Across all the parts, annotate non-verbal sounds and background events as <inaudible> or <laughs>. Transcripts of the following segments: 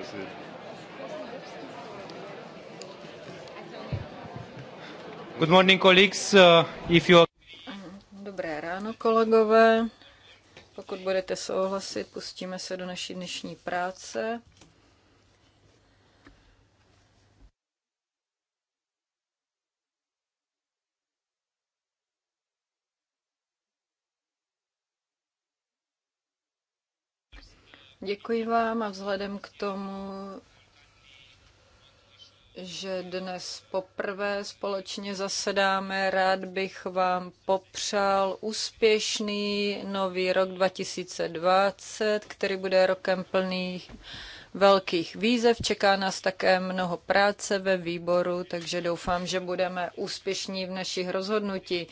Prostě- Good morning, colleagues. Uh, if you... Dobré ráno, kolegové. Pokud budete souhlasit, pustíme se do naší dnešní práce. Děkuji vám a vzhledem k tomu, že dnes poprvé společně zasedáme. Rád bych vám popřál úspěšný nový rok 2020, který bude rokem plný velkých výzev. Čeká nás také mnoho práce ve výboru, takže doufám, že budeme úspěšní v našich rozhodnutí.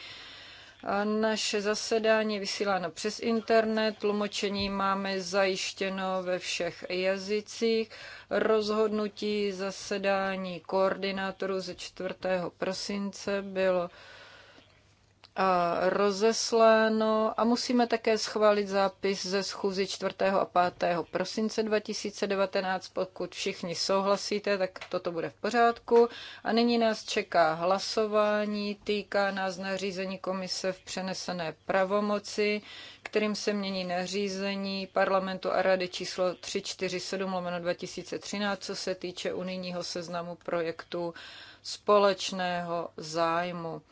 Naše zasedání je vysíláno přes internet, tlumočení máme zajištěno ve všech jazycích. Rozhodnutí zasedání koordinátorů ze 4. prosince bylo rozesláno a musíme také schválit zápis ze schůzy 4. a 5. prosince 2019. Pokud všichni souhlasíte, tak toto bude v pořádku. A nyní nás čeká hlasování, týká nás nařízení komise v přenesené pravomoci, kterým se mění nařízení parlamentu a rady číslo 347 lomeno 2013, co se týče unijního seznamu projektů společného zájmu.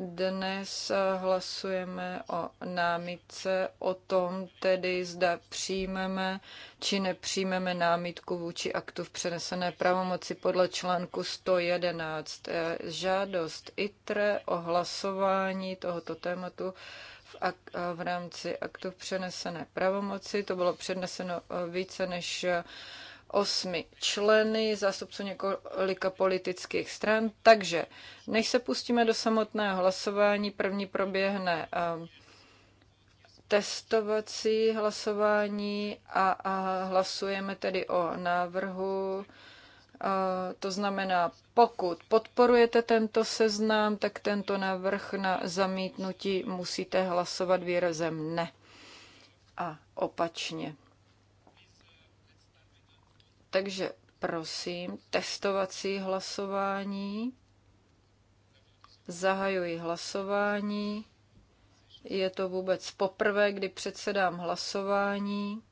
Dnes eh, hlasujeme o námitce, o tom tedy zda přijmeme či nepřijmeme námitku vůči aktu v přenesené pravomoci podle článku 111. Eh, žádost ITRE o hlasování tohoto tématu v, ak, eh, v rámci aktu v přenesené pravomoci. To bylo předneseno více než osmi členy, zástupců několika politických stran. Takže než se pustíme do samotného hlasování, první proběhne ehm, testovací hlasování a, a hlasujeme tedy o návrhu. To znamená, pokud podporujete tento seznam, tak tento návrh na zamítnutí musíte hlasovat výrazem ne. A opačně. Takže prosím, testovací hlasování. Zahajuji hlasování. Je to vůbec poprvé, kdy předsedám hlasování.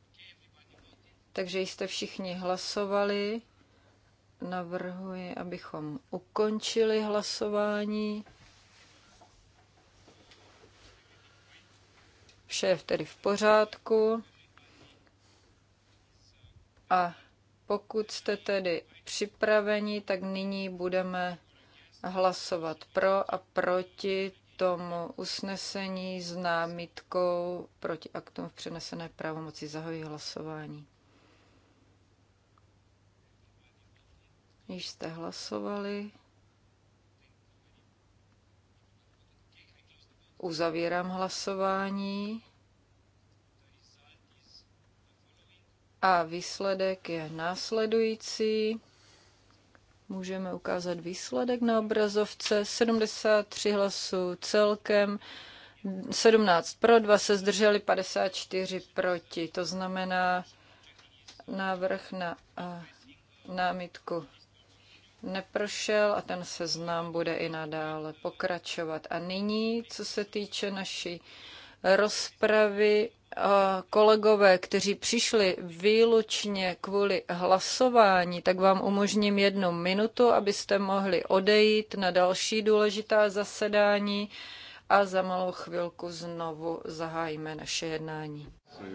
Takže jste všichni hlasovali. Navrhuji, abychom ukončili hlasování. Vše je tedy v pořádku. A pokud jste tedy připraveni, tak nyní budeme hlasovat pro a proti tomu usnesení s námitkou proti aktům v přenesené pravomoci. Zahojí hlasování. Již jste hlasovali. Uzavírám hlasování. A výsledek je následující. Můžeme ukázat výsledek na obrazovce. 73 hlasů celkem, 17 pro, 2 se zdrželi, 54 proti. To znamená návrh na a, námitku neprošel a ten seznam bude i nadále pokračovat. A nyní, co se týče naší rozpravy kolegové, kteří přišli výlučně kvůli hlasování, tak vám umožním jednu minutu, abyste mohli odejít na další důležitá zasedání a za malou chvilku znovu zahájíme naše jednání. So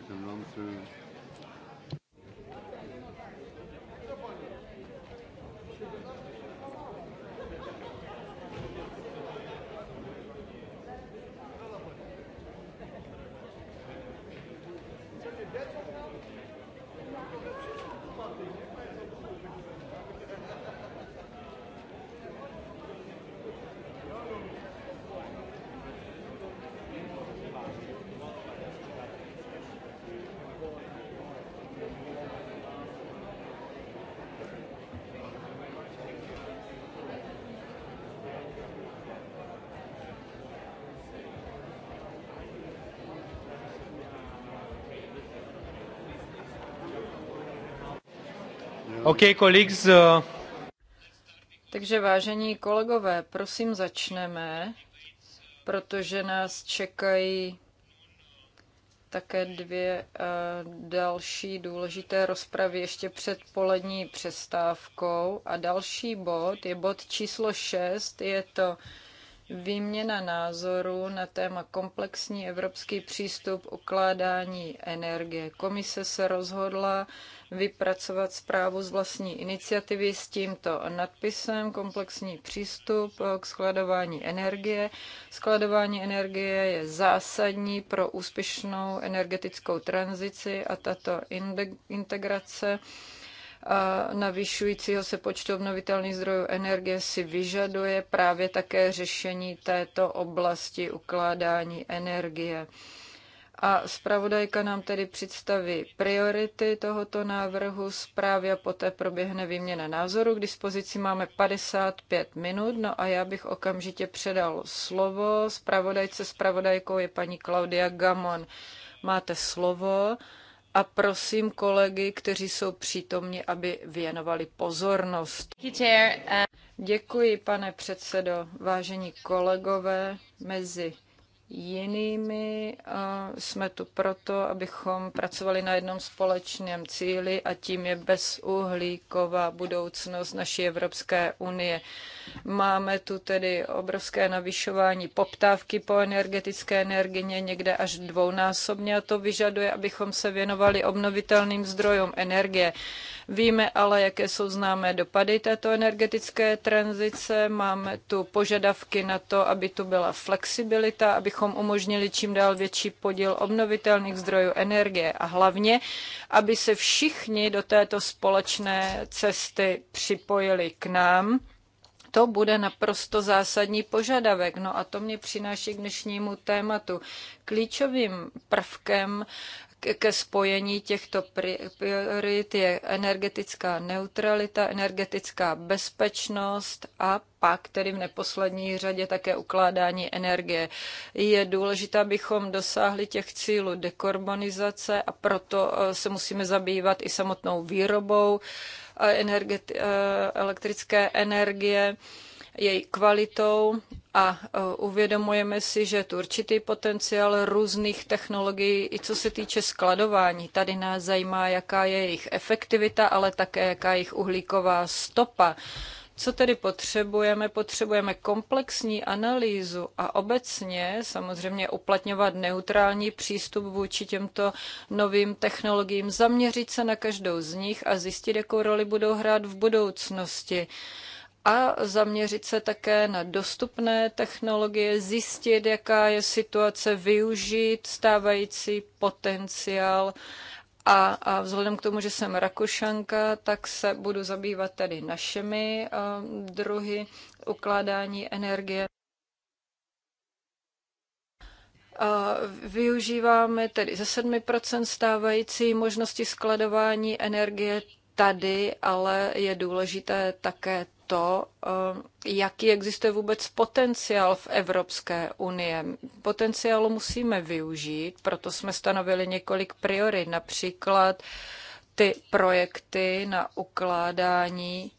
colleagues. Uh, Takže vážení kolegové, prosím začneme, protože nás čekají také dvě uh, další důležité rozpravy ještě před polední přestávkou. A další bod je bod číslo 6, je to výměna názorů na téma komplexní evropský přístup ukládání energie. Komise se rozhodla vypracovat zprávu z vlastní iniciativy s tímto nadpisem komplexní přístup k skladování energie. Skladování energie je zásadní pro úspěšnou energetickou tranzici a tato integrace navyšujícího se počtu obnovitelných zdrojů energie si vyžaduje právě také řešení této oblasti ukládání energie. A zpravodajka nám tedy představí priority tohoto návrhu zprávy a poté proběhne výměna názoru. K dispozici máme 55 minut, no a já bych okamžitě předal slovo. Zpravodajce zpravodajkou je paní Klaudia Gamon. Máte slovo a prosím kolegy, kteří jsou přítomni, aby věnovali pozornost. Děkuji, pane předsedo, vážení kolegové, mezi jinými. Jsme tu proto, abychom pracovali na jednom společném cíli a tím je bezuhlíková budoucnost naší Evropské unie. Máme tu tedy obrovské navyšování poptávky po energetické energii někde až dvounásobně a to vyžaduje, abychom se věnovali obnovitelným zdrojům energie. Víme ale, jaké jsou známé dopady této energetické tranzice. Máme tu požadavky na to, aby tu byla flexibilita, abychom abychom umožnili čím dál větší podíl obnovitelných zdrojů energie a hlavně, aby se všichni do této společné cesty připojili k nám. To bude naprosto zásadní požadavek. No a to mě přináší k dnešnímu tématu. Klíčovým prvkem ke spojení těchto priorit je energetická neutralita, energetická bezpečnost a pak tedy v neposlední řadě také ukládání energie. Je důležité, abychom dosáhli těch cílů dekarbonizace a proto e, se musíme zabývat i samotnou výrobou e, energeti- e, elektrické energie její kvalitou a e, uvědomujeme si, že je tu určitý potenciál různých technologií, i co se týče skladování. Tady nás zajímá, jaká je jejich efektivita, ale také jaká je jejich uhlíková stopa. Co tedy potřebujeme? Potřebujeme komplexní analýzu a obecně samozřejmě uplatňovat neutrální přístup vůči těmto novým technologiím, zaměřit se na každou z nich a zjistit, jakou roli budou hrát v budoucnosti a zaměřit se také na dostupné technologie, zjistit, jaká je situace, využít stávající potenciál. A, a vzhledem k tomu, že jsem Rakušanka, tak se budu zabývat tedy našimi uh, druhy ukládání energie. Využíváme tedy ze 7% stávající možnosti skladování energie tady, ale je důležité také to, eh, jaký existuje vůbec potenciál v Evropské unie. Potenciálu musíme využít, proto jsme stanovili několik priorit, například ty projekty na ukládání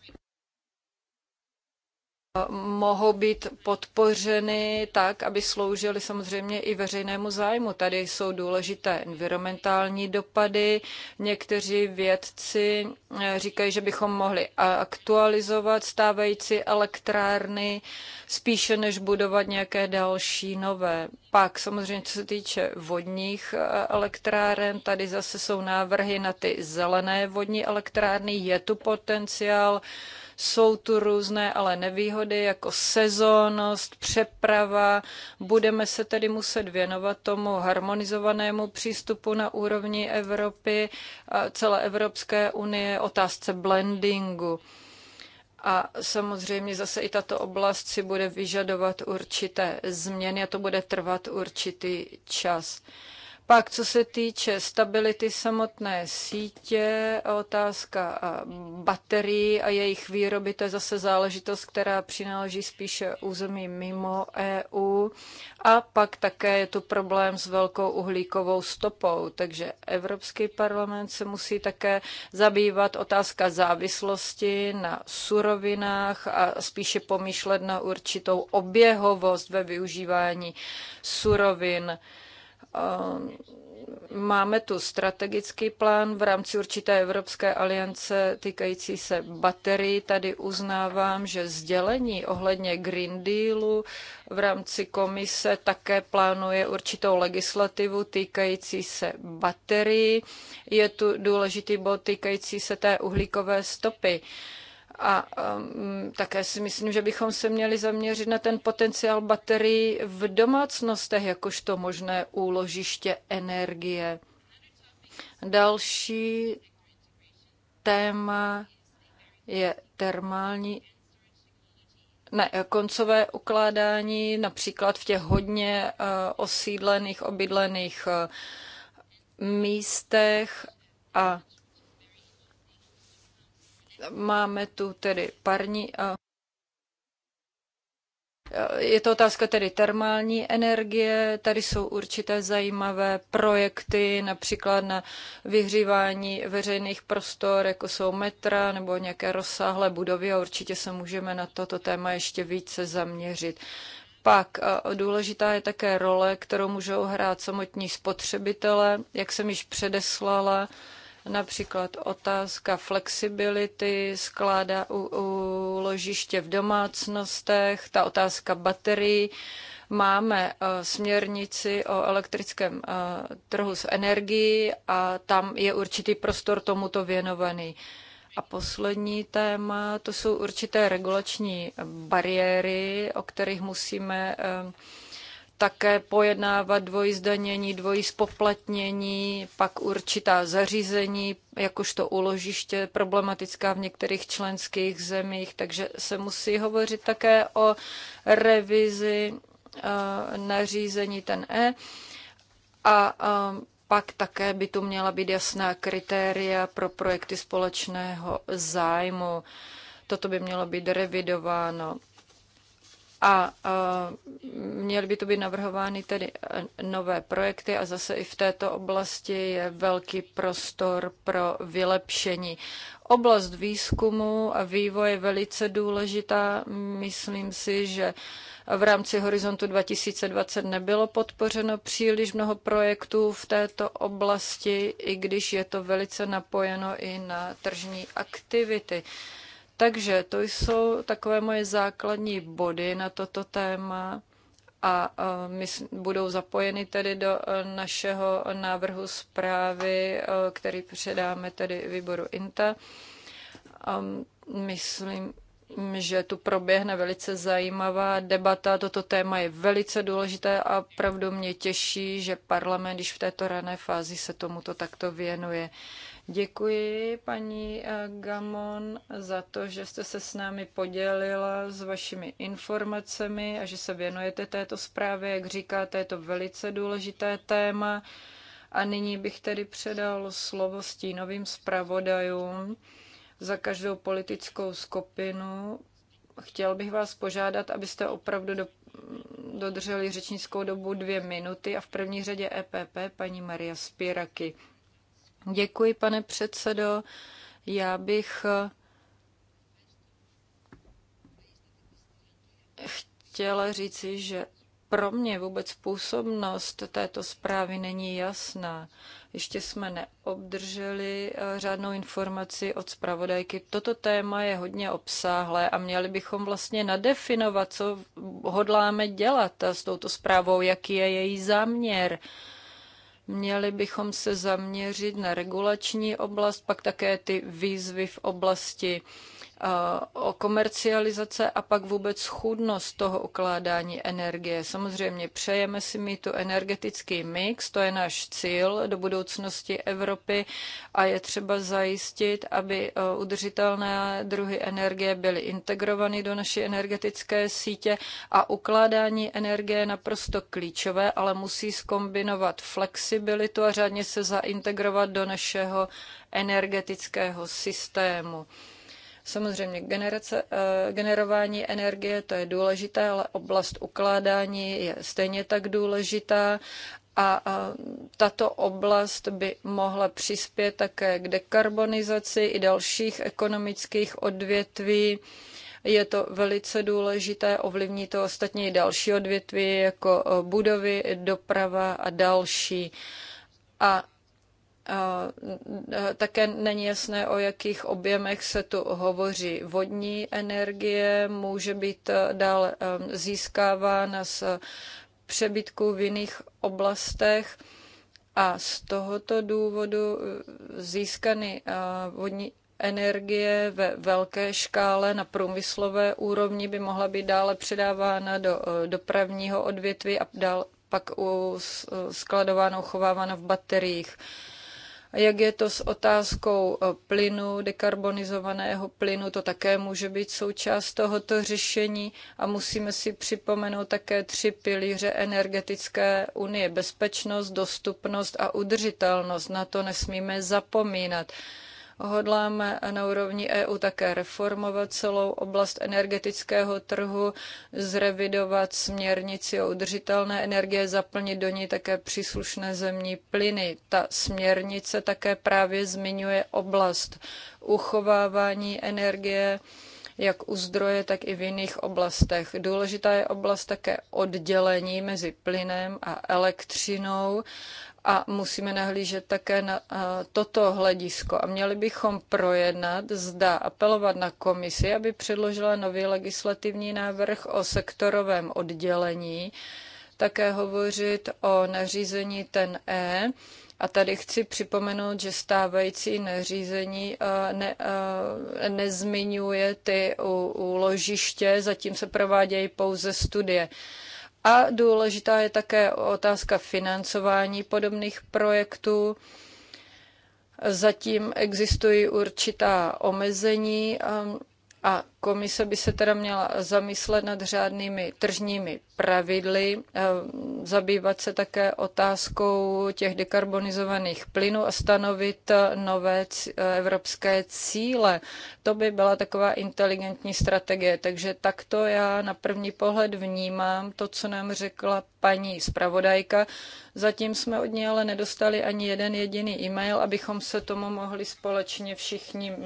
mohou být podpořeny tak, aby sloužily samozřejmě i veřejnému zájmu. Tady jsou důležité environmentální dopady. Někteří vědci eh, říkají, že bychom mohli aktualizovat stávající elektrárny spíše než budovat nějaké další nové. Pak samozřejmě, co se týče vodních eh, elektráren, tady zase jsou návrhy na ty zelené vodní elektrárny. Je tu potenciál jsou tu různé ale nevýhody, jako sezónnost, přeprava. Budeme se tedy muset věnovat tomu harmonizovanému přístupu na úrovni Evropy, celé Evropské unie, otázce blendingu. A samozřejmě zase i tato oblast si bude vyžadovat určité změny a to bude trvat určitý čas. Pak, co se týče stability samotné sítě, otázka baterií a jejich výroby, to je zase záležitost, která přináleží spíše území mimo EU. A pak také je tu problém s velkou uhlíkovou stopou, takže Evropský parlament se musí také zabývat otázka závislosti na surovinách a spíše pomýšlet na určitou oběhovost ve využívání surovin. Um, máme tu strategický plán v rámci určité Evropské aliance týkající se baterií. Tady uznávám, že sdělení ohledně Green Dealu v rámci komise také plánuje určitou legislativu týkající se baterií. Je tu důležitý bod týkající se té uhlíkové stopy. Uh, a um, také si myslím, že bychom se měli zaměřit na ten potenciál baterií v domácnostech, jakožto možné úložiště energie. Další téma je termální ne, koncové ukládání, například v těch hodně uh, osídlených, obydlených uh, místech a Máme tu tedy parní. A je to otázka tedy termální energie. Tady jsou určité zajímavé projekty, například na vyhřívání veřejných prostor, jako jsou metra nebo nějaké rozsáhlé budovy a určitě se můžeme na toto téma ještě více zaměřit. Pak důležitá je také role, kterou můžou hrát samotní spotřebitele, jak jsem již předeslala Například otázka flexibility, skládá u, u ložiště v domácnostech, ta otázka baterií. Máme eh, směrnici o elektrickém eh, trhu s energií a tam je určitý prostor tomuto věnovaný. A poslední téma, to jsou určité regulační bariéry, o kterých musíme eh, také pojednávat dvojí zdanění, dvojí spoplatnění, pak určitá zařízení, jakožto uložiště problematická v některých členských zemích, takže se musí hovořit také o revizi eh, nařízení ten E a eh, pak také by tu měla být jasná kritéria pro projekty společného zájmu. Toto by mělo být revidováno. A, a měly by to být navrhovány tedy e, nové projekty a zase i v této oblasti je velký prostor pro vylepšení. Oblast výzkumu a vývoje je velice důležitá. Myslím si, že v rámci Horizontu 2020 nebylo podpořeno příliš mnoho projektů v této oblasti, i když je to velice napojeno i na tržní aktivity. Takže to jsou takové moje základní body na toto téma a my budou zapojeny tedy do e, našeho návrhu zprávy, e, který předáme tedy výboru INTA. Myslím, že tu proběhne velice zajímavá debata. Toto téma je velice důležité a opravdu mě těší, že parlament, když v této rané fázi se tomuto takto věnuje. Děkuji, paní eh, Gamon, za to, že jste se s námi podělila s vašimi informacemi a že se věnujete této zprávě. Jak říkáte, je to velice důležité téma. A nyní bych tedy předal slovo stínovým zpravodajům za každou politickou skupinu. Chtěl bych vás požádat, abyste opravdu do, dodrželi řečnickou dobu dvě minuty a v první řadě EPP paní Maria Spiraky. Děkuji, pane předsedo. Já bych eh, chtěla říci, že pro mě vůbec působnost této zprávy není jasná. Ještě jsme neobdrželi řádnou eh, informaci od zpravodajky. Toto téma je hodně obsáhlé a měli bychom vlastně nadefinovat, co hodláme dělat s touto zprávou, jaký je její záměr. Měli bychom se zaměřit na regulační oblast, pak také ty výzvy v oblasti o komercializace a pak vůbec chudnost toho ukládání energie. Samozřejmě přejeme si mít tu energetický mix, to je náš cíl do budoucnosti Evropy a je třeba zajistit, aby e, udržitelné druhy energie byly integrovány do naší energetické sítě a ukládání energie je naprosto klíčové, ale musí skombinovat flexibilitu a řádně se zaintegrovat do našeho energetického systému. Samozřejmě generace, eh, generování energie, to je důležité, ale oblast ukládání je stejně tak důležitá a eh, tato oblast by mohla přispět také k dekarbonizaci i dalších ekonomických odvětví. Je to velice důležité, ovlivní to ostatně i další odvětví, jako eh, budovy, doprava a další. A také není jasné, o jakých objemech se tu hovoří. Vodní energie může být eh, dále získávána z eh, přebytků v jiných oblastech a z tohoto důvodu eh, získaný vodní energie ve velké škále na průmyslové úrovni by mohla být dále předávána do dopravního odvětví a dál pak skladována, uchovávána v bateriích. Jak je to s otázkou eh, plynu, dekarbonizovaného plynu, to také může být součást tohoto řešení a musíme si připomenout také tři pilíře energetické unie. Bezpečnost, dostupnost a udržitelnost. Na to nesmíme zapomínat. Hodláme na úrovni EU také reformovat celou oblast energetického trhu, zrevidovat směrnici o udržitelné energie, zaplnit do ní také příslušné zemní plyny. Ta směrnice také právě zmiňuje oblast uchovávání energie, jak u zdroje, tak i v jiných oblastech. Důležitá je oblast také oddělení mezi plynem a elektřinou a musíme nahlížet také na toto hledisko. A měli bychom projednat, zda apelovat na komisi, aby předložila nový legislativní návrh o sektorovém oddělení, také hovořit o nařízení ten E, a tady chci připomenout, že stávající nařízení eh, ne, eh, nezmiňuje ty úložiště, zatím se provádějí pouze studie. A důležitá je také otázka financování podobných projektů. Zatím existují určitá omezení eh, a Komise by se teda měla zamyslet nad řádnými tržními pravidly, eh, zabývat se také otázkou těch dekarbonizovaných plynů a stanovit eh, nové eh, evropské cíle. To by byla taková inteligentní strategie. Takže takto já na první pohled vnímám to, co nám řekla paní zpravodajka. Zatím jsme od ní ale nedostali ani jeden jediný e-mail, abychom se tomu mohli společně všichni mm,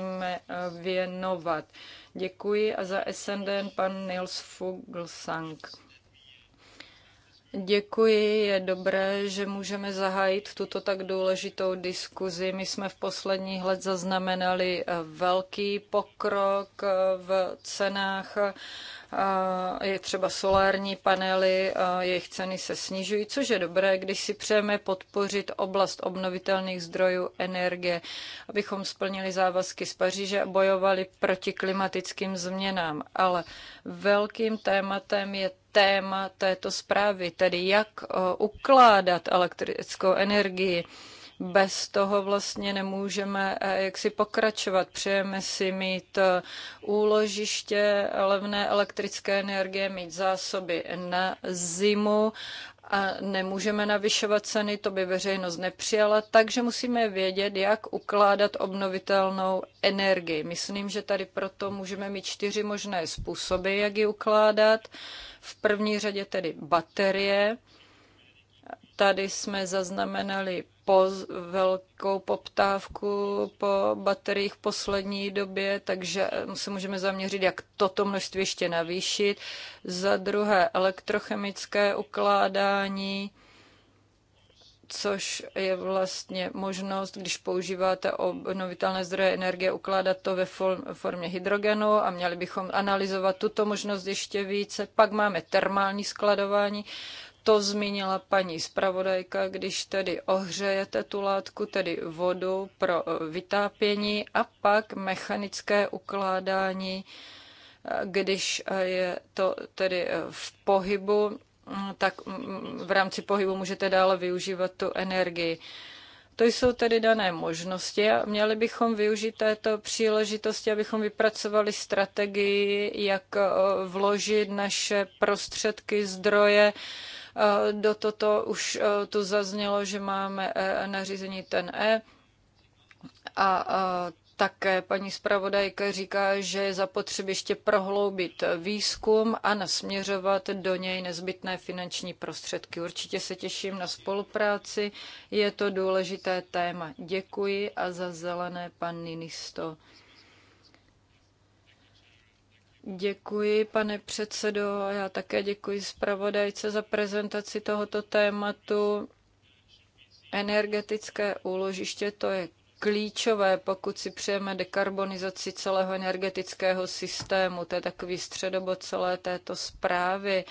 věnovat. Děkuji a za SND pan Nils Fuglsang. Děkuji, je dobré, že můžeme zahájit tuto tak důležitou diskuzi. My jsme v posledních let zaznamenali velký pokrok v cenách Eh, je třeba solární panely, eh, jejich ceny se snižují, což je dobré, když si přejeme podpořit oblast obnovitelných zdrojů energie, abychom splnili závazky z Paříže a bojovali proti klimatickým změnám. Ale velkým tématem je téma této zprávy, tedy jak eh, ukládat elektrickou energii bez toho vlastně nemůžeme eh, jaksi pokračovat. Přejeme si mít eh, úložiště levné elektrické energie, mít zásoby na zimu a nemůžeme navyšovat ceny, to by veřejnost nepřijala, takže musíme vědět, jak ukládat obnovitelnou energii. Myslím, že tady proto můžeme mít čtyři možné způsoby, jak ji ukládat. V první řadě tedy baterie, Tady jsme zaznamenali poz, velkou poptávku po bateriích v poslední době, takže eh, se můžeme zaměřit, jak toto množství ještě navýšit. Za druhé elektrochemické ukládání, což je vlastně možnost, když používáte obnovitelné zdroje energie, ukládat to ve formě hydrogenu a měli bychom analyzovat tuto možnost ještě více. Pak máme termální skladování to zmínila paní zpravodajka, když tedy ohřejete tu látku, tedy vodu pro e, vytápění a pak mechanické ukládání, e, když e, je to tedy v pohybu, mm, tak mm, v rámci pohybu můžete dále využívat tu energii. To jsou tedy dané možnosti a měli bychom využít této příležitosti, abychom vypracovali strategii, jak vložit naše prostředky, zdroje, Eh, do toto už eh, tu zaznělo, že máme eh, nařízení ten E a také paní zpravodajka říká, že je zapotřebí ještě prohloubit výzkum a nasměřovat do něj nezbytné finanční prostředky. Určitě se těším na spolupráci, je to důležité téma. Děkuji a za zelené pan Ninisto. Děkuji, pane předsedo. Já také děkuji zpravodajce za prezentaci tohoto tématu. Energetické úložiště to je klíčové, pokud si přejeme dekarbonizaci celého energetického systému. To je takový středobod celé této zprávy.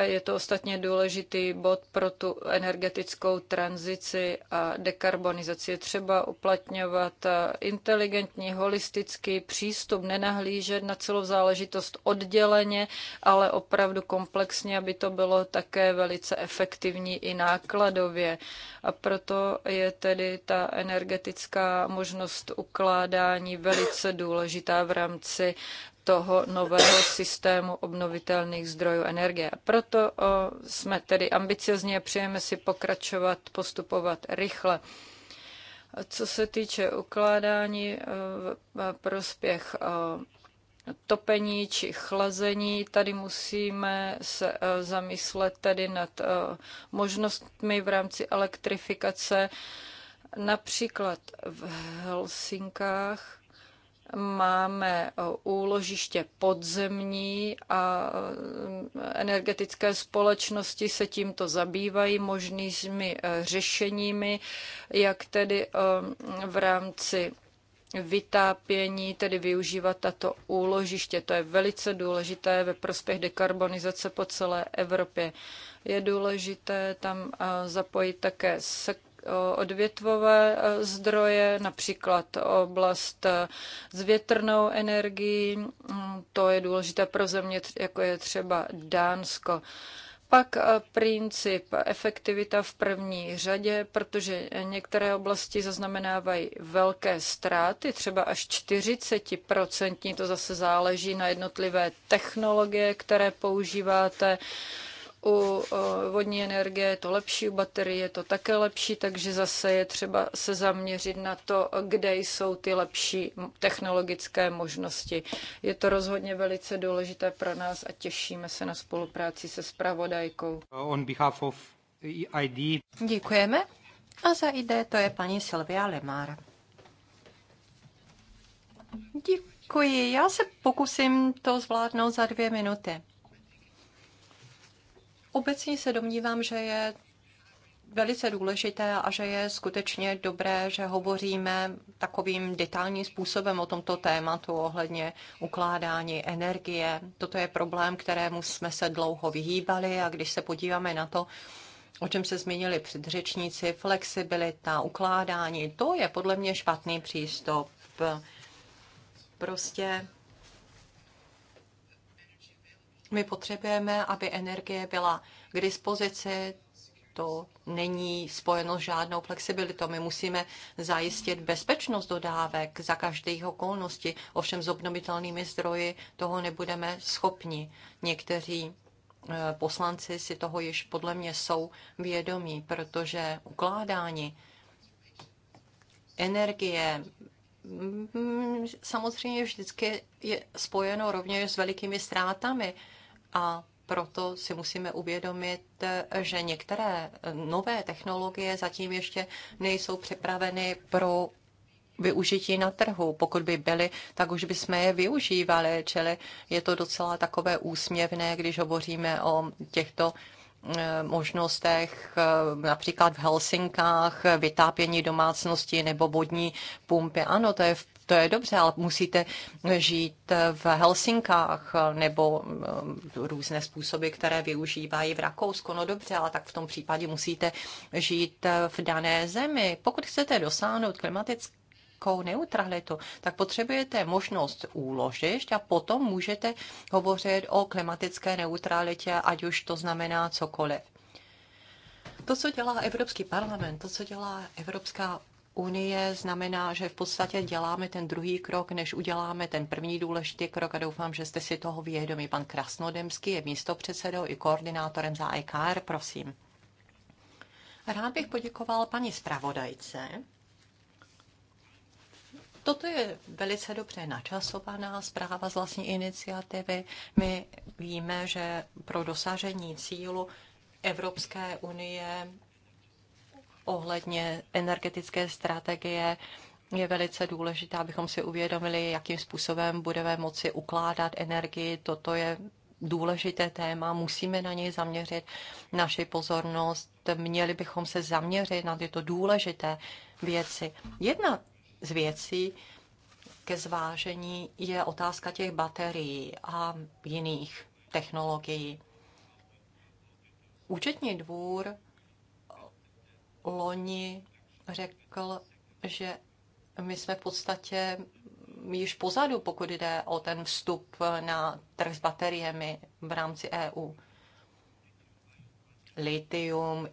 Je to ostatně důležitý bod pro tu energetickou tranzici a dekarbonizaci. Je třeba uplatňovat eh, inteligentní, holistický přístup, nenahlížet na celou záležitost odděleně, ale opravdu komplexně, aby to bylo také velice efektivní i nákladově. A proto je tedy ta energetická možnost ukládání velice důležitá v rámci toho nového systému obnovitelných zdrojů energie. Proto jsme tedy ambiciozní a přejeme si pokračovat, postupovat rychle. Co se týče ukládání e, v e, prospěch topení či chlazení, tady musíme se e, zamyslet tedy nad možnostmi v rámci elektrifikace Například v Helsinkách máme úložiště podzemní a eh, energetické společnosti se tímto zabývají možnými eh, řešeními, jak tedy eh, v rámci vytápění, tedy využívat tato úložiště. To je velice důležité ve prospěch dekarbonizace po celé Evropě. Je důležité tam zapojit také sek odvětvové e, zdroje, například oblast e, s větrnou energií. Mm, to je důležité pro země, jako je třeba Dánsko. Pak e, princip efektivita v první řadě, protože některé oblasti zaznamenávají velké ztráty, třeba až 40%, to zase záleží na jednotlivé technologie, které používáte, u vodní energie je to lepší, u baterie je to také lepší, takže zase je třeba se zaměřit na to, kde jsou ty lepší technologické možnosti. Je to rozhodně velice důležité pro nás a těšíme se na spolupráci se spravodajkou. On behalf of e ID. Děkujeme. A za ID to je paní Silvia Lemár. Děkuji. Já se pokusím to zvládnout za dvě minuty. Obecně se domnívám, že je velice důležité a že je skutečně dobré, že hovoříme takovým detailním způsobem o tomto tématu ohledně ukládání energie. Toto je problém, kterému jsme se dlouho vyhýbali a když se podíváme na to, o čem se zmínili předřečníci, flexibilita, ukládání, to je podle mě špatný přístup. Prostě my potřebujeme, aby energie byla k dispozici, to není spojeno s žádnou flexibilitou. My musíme zajistit bezpečnost dodávek za každých okolností, ovšem s obnovitelnými zdroji toho nebudeme schopni. Někteří eh, poslanci si toho již podle mě jsou vědomí, protože ukládání energie mm, mm, samozřejmě vždycky je spojeno rovněž s velikými ztrátami a proto si musíme uvědomit, že některé nové technologie zatím ještě nejsou připraveny pro využití na trhu. Pokud by byly, tak už bychom je využívali, čili je to docela takové úsměvné, když hovoříme o těchto eh, možnostech, eh, například v Helsinkách, vytápění domácnosti nebo vodní pumpy. Ano, to je v to je dobře, ale musíte žít v Helsinkách nebo eh, různé způsoby, které využívají v Rakousku. No dobře, ale tak v tom případě musíte žít eh, v dané zemi. Pokud chcete dosáhnout klimatické neutralitu, tak potřebujete možnost úložišť a potom můžete hovořit o klimatické neutralitě, ať už to znamená cokoliv. To, co dělá Evropský parlament, to, co dělá Evropská unie znamená, že v podstatě děláme ten druhý krok, než uděláme ten první důležitý krok a doufám, že jste si toho vědomí. Pan Krasnodemský je místopředsedou i koordinátorem za IKR, e prosím. Rád bych poděkoval paní zpravodajce. Toto je velice dobře načasovaná zpráva z vlastní iniciativy. My víme, že pro dosažení cílu Evropské unie ohledně energetické strategie je velice důležité, abychom si uvědomili, jakým způsobem budeme moci ukládat energii. Toto je důležité téma, musíme na něj zaměřit naši pozornost, měli bychom se zaměřit na tyto důležité věci. Jedna z věcí ke zvážení je otázka těch baterií a jiných technologií. Účetní dvůr loni řekl, že my jsme v podstatě již pozadu, pokud jde o ten vstup na trh s bateriemi v rámci EU. Litium,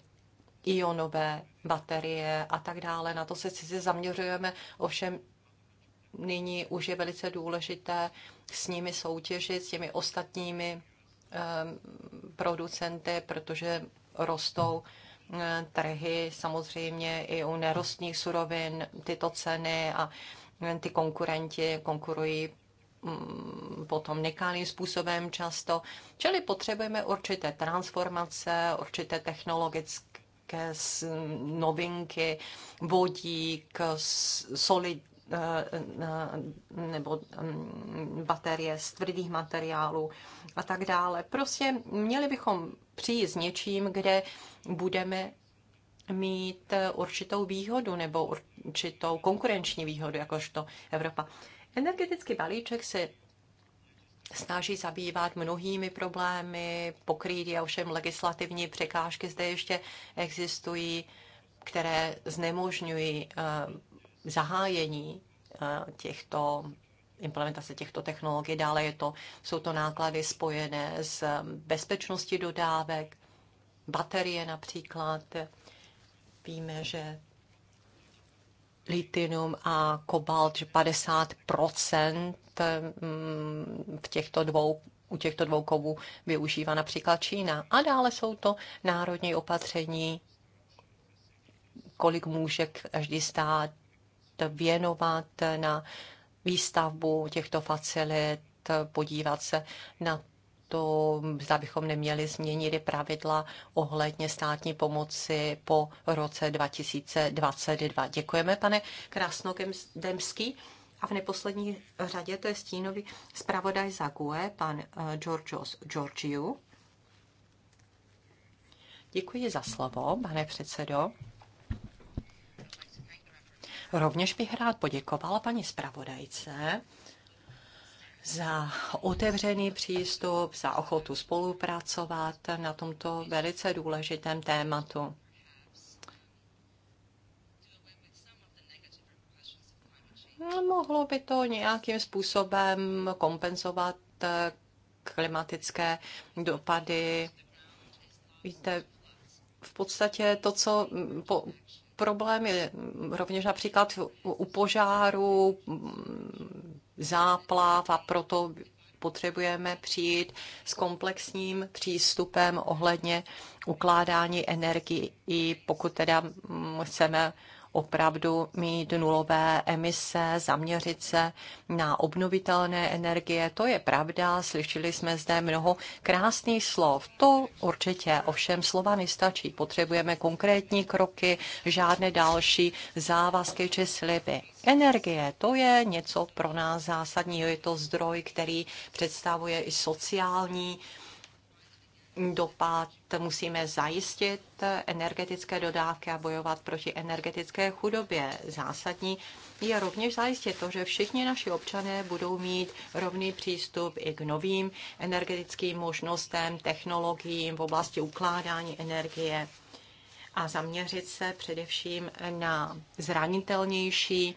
ionové baterie a tak dále. Na to se sice zaměřujeme, ovšem nyní už je velice důležité s nimi soutěžit, s těmi ostatními um, producenty, protože rostou trhy, samozřejmě i u nerostních surovin, tyto ceny a ty konkurenti konkurují mm, potom nekalým způsobem často. Čili potřebujeme určité transformace, určité technologické novinky, vodík, solid, Eh, nebo mm, baterie z tvrdých materiálů a tak dále. Prostě měli bychom přijít s něčím, kde budeme mít eh, určitou výhodu nebo určitou konkurenční výhodu, jakožto Evropa. Energetický balíček se snaží zabývat mnohými problémy, pokrýt je ovšem legislativní překážky zde ještě existují, které znemožňují eh, zahájení eh, těchto implementace těchto technologií. Dále je to, jsou to náklady spojené s eh, bezpečností dodávek, baterie například. Víme, že litinum a kobalt, že 50 mm, v těchto dvou u těchto dvou kovů využívá například Čína. A dále jsou to národní opatření, kolik může každý stát věnovat na výstavbu těchto facilit, podívat se na to, zda bychom neměli změnit i pravidla ohledně státní pomoci po roce 2022. Děkujeme, pane Krasnodemský. A v neposlední řadě to je stínový zpravodaj za GUE, pan eh, Georgios Georgiou. Děkuji za slovo, pane předsedo. Rovněž bych rád poděkovala paní zpravodajce za otevřený přístup, za ochotu spolupracovat na tomto velice důležitém tématu. Mohlo by to nějakým způsobem kompenzovat eh, klimatické dopady. Víte, v podstatě to, co po, Problém je rovněž například u požáru, mm, záplav a proto potřebujeme přijít s komplexním přístupem ohledně ukládání energii, pokud teda mm, chceme opravdu mít nulové emise, zaměřit se na obnovitelné energie. To je pravda, slyšeli jsme zde mnoho krásných slov. To určitě ovšem slova nestačí. Potřebujeme konkrétní kroky, žádné další závazky či sliby. Energie, to je něco pro nás zásadního, je to zdroj, který představuje i sociální dopad, musíme zajistit energetické dodávky a bojovat proti energetické chudobě. Zásadní je rovněž zajistit to, že všichni naši občané budou mít rovný přístup i k novým energetickým možnostem, technologiím v oblasti ukládání energie a zaměřit se především na zranitelnější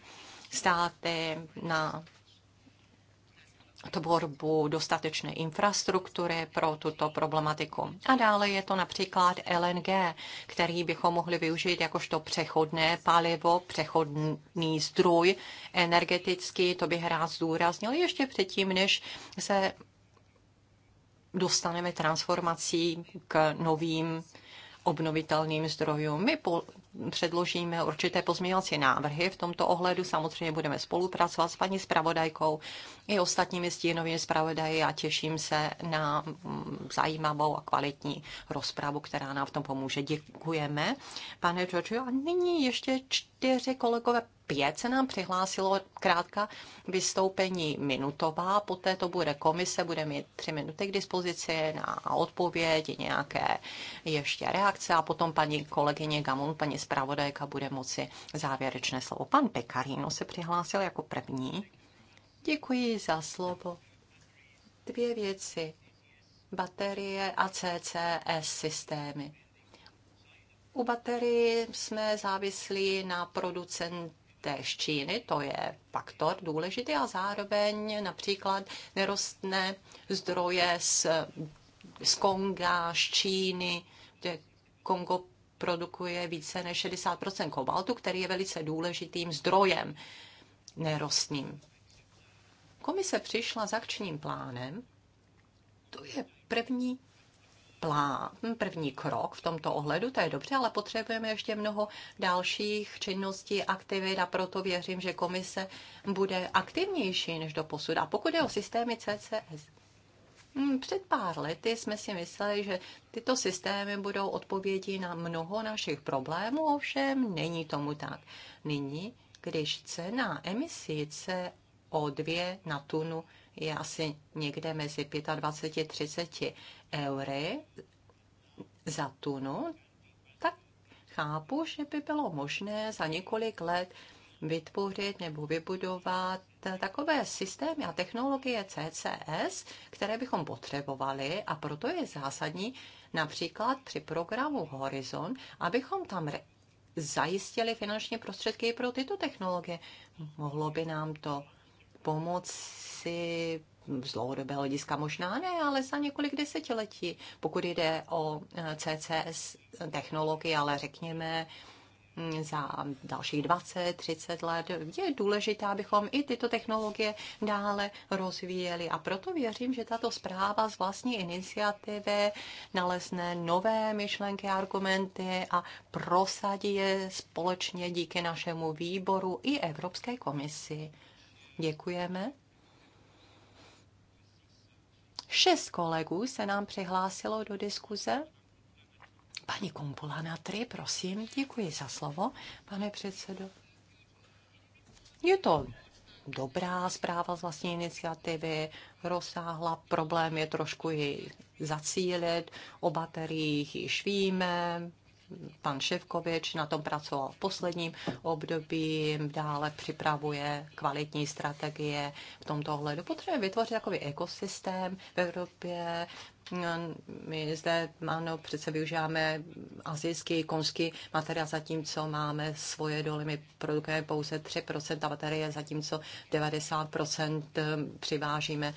státy, na tvorbu dostatečné infrastruktury pro tuto problematiku. A dále je to například LNG, který bychom mohli využít jakožto přechodné palivo, přechodný zdroj energetický, to bych rád zdůraznil ještě předtím, než se dostaneme transformací k novým obnovitelným zdrojům. My předložíme určité pozměňovací návrhy. V tomto ohledu samozřejmě budeme spolupracovat s paní zpravodajkou i ostatními stínovými zpravodaji a těším se na mm, zajímavou a kvalitní rozpravu, která nám v tom pomůže. Děkujeme, pane George. A nyní ještě čtyři kolegové pět se nám přihlásilo krátká vystoupení minutová, poté to bude komise, bude mít tři minuty k dispozici na odpověď, nějaké ještě reakce a potom paní kolegyně Gamun, paní zpravodajka bude moci závěrečné slovo. Pan Pekarino se přihlásil jako první. Děkuji za slovo. Dvě věci. Baterie a CCS systémy. U baterií jsme závislí na producentech z Číny, to je faktor důležitý a zároveň například nerostné zdroje z, z Konga, z Číny, kde Kongo produkuje více než 60 kobaltu, který je velice důležitým zdrojem nerostným. Komise přišla s akčním plánem. To je první plán, první krok v tomto ohledu, to je dobře, ale potřebujeme ještě mnoho dalších činností, aktivit a proto věřím, že komise bude aktivnější než do posud. A pokud je o systémy CCS, Hm, před pár lety jsme si mysleli, že tyto systémy budou odpovědi na mnoho našich problémů, ovšem není tomu tak. Nyní, když cena emisí CO2 na tunu je asi někde mezi 25 a 30 eury za tunu, tak chápu, že by bylo možné za několik let vytvořit nebo vybudovat takové systémy a technologie CCS, které bychom potřebovali a proto je zásadní například při programu Horizon, abychom tam zajistili finanční prostředky i pro tyto technologie. Mohlo by nám to pomoci z dlouhodobého hlediska možná ne, ale za několik desetiletí, pokud jde o eh, CCS technologii, ale řekněme za dalších 20, 30 let. Je důležité, abychom i tyto technologie dále rozvíjeli. A proto věřím, že tato zpráva z vlastní iniciativy nalezne nové myšlenky, argumenty a prosadí je společně díky našemu výboru i Evropské komisi. Děkujeme. Šest kolegů se nám přihlásilo do diskuze. Pani Kumpula na tri, prosím, děkuji za slovo, pane předsedo. Je to dobrá zpráva z vlastní iniciativy, rozsáhla, problém je trošku i zacílit, o bateriích již víme, pan Ševkovič na tom pracoval v posledním období, dále připravuje kvalitní strategie v tomto ohledu. Potřebujeme vytvořit takový ekosystém v Evropě, No, my zde, ano, přece využíváme azijský, konský materiál, zatímco máme svoje doly. My produkujeme pouze 3% baterie, zatímco 90% eh, přivážíme,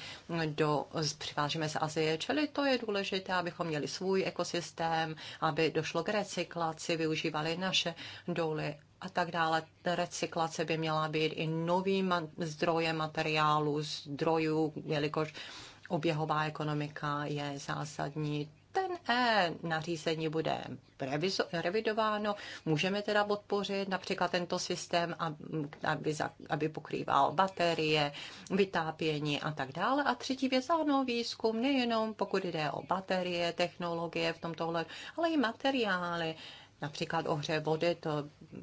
do, přivážíme z Azie. Čili to je důležité, abychom měli svůj ekosystém, aby došlo k recyklaci, využívali naše doly a tak dále. Recyklace by měla být i novým zdrojem materiálu, zdrojů, jelikož oběhová ekonomika je zásadní. Ten E nařízení bude revidováno. Můžeme teda podpořit například tento systém, aby, aby pokrýval baterie, vytápění a tak dále. A třetí věc, ano, výzkum nejenom pokud jde o baterie, technologie v tomto ale i materiály, například ohře vody, to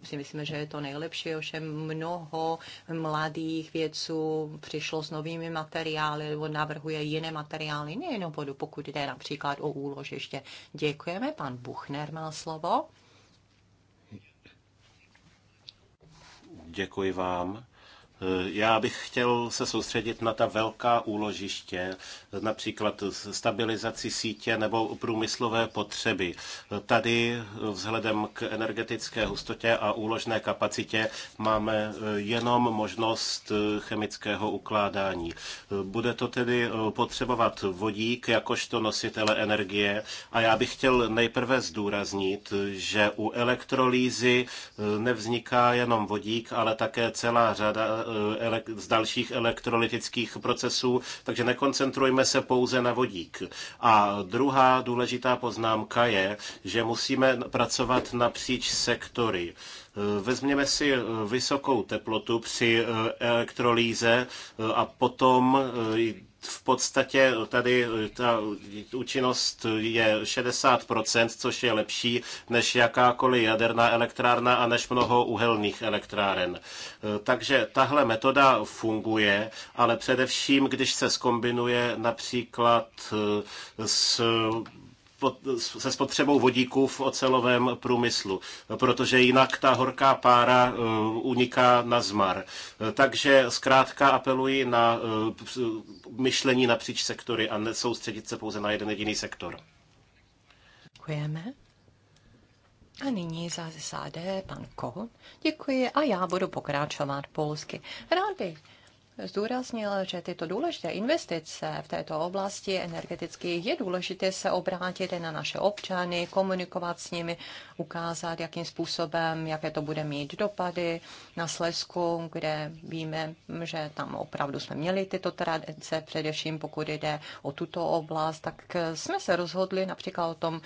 si myslíme, že je to nejlepší, ovšem mnoho mladých vědců přišlo s novými materiály nebo navrhuje jiné materiály, nejenom vodu, pokud jde například o úložiště. Děkujeme, pan Buchner má slovo. Děkuji vám. Eh, já bych chtěl se soustředit na ta velká úložiště, eh, například stabilizaci sítě nebo průmyslové potřeby. Eh, tady vzhledem k energetické hustotě a úložné kapacitě máme jenom možnost chemického ukládání. Bude to tedy potřebovat vodík jakožto nositele energie a já bych chtěl nejprve zdůraznit, že u elektrolýzy nevzniká jenom vodík, ale také celá řada Eh, z dalších elektrolytických procesů, takže nekoncentrujme se pouze na vodík. A druhá důležitá poznámka je, že musíme pracovat napříč sektory. Eh, vezměme si eh, vysokou teplotu při elektrolýze a potom v podstatě tady eh, ta účinnost je 60%, což je lepší než jakákoliv jaderná elektrárna a než mnoho uhelných elektráren. Eh, takže tahle metoda funguje, ale především, když se skombinuje například eh, s se spotřebou vodíku v ocelovém průmyslu, protože jinak ta horká pára eh, uniká na zmar. Eh, takže zkrátka apeluji na eh, myšlení napříč sektory a nesoustředit se pouze na jeden jediný sektor. Děkujeme. A nyní za SAD pan Kohl. Děkuji a já budu pokračovat polsky. Rád bych zdůraznil, že tyto důležité investice v této oblasti energetické je důležité se obrátit na naše občany, komunikovat s nimi, ukázat, jakým způsobem, jaké to bude mít dopady na Slesku, kde víme, že tam opravdu jsme měli tyto tradice, především pokud jde o tuto oblast, tak jsme se rozhodli například o tom,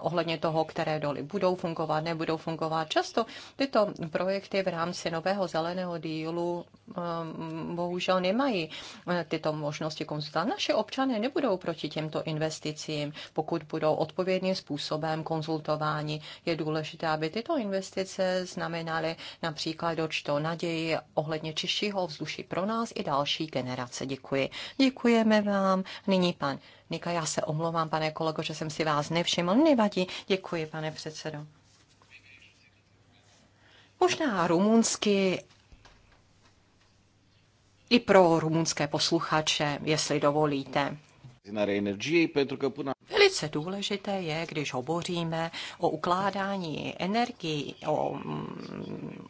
ohledně toho, které doly budou fungovat, nebudou fungovat. Často tyto projekty v rámci nového zeleného dílu um, bohužel nemají eh, tyto možnosti konzultovat. Naše občané nebudou proti těmto investicím, pokud budou odpovědným způsobem konzultováni. Je důležité, aby tyto investice znamenaly například určitou naději ohledně čistšího vzduší pro nás i další generace. Děkuji. Děkujeme vám. Nyní pan Nika, já se omlouvám, pane kolego, že jsem si vás nevšiml. Nevadí. Děkuji, pane předsedo. Možná rumunsky i pro rumunské posluchače, jestli dovolíte. Velice důležité je, když hovoříme o ukládání energii, o mm,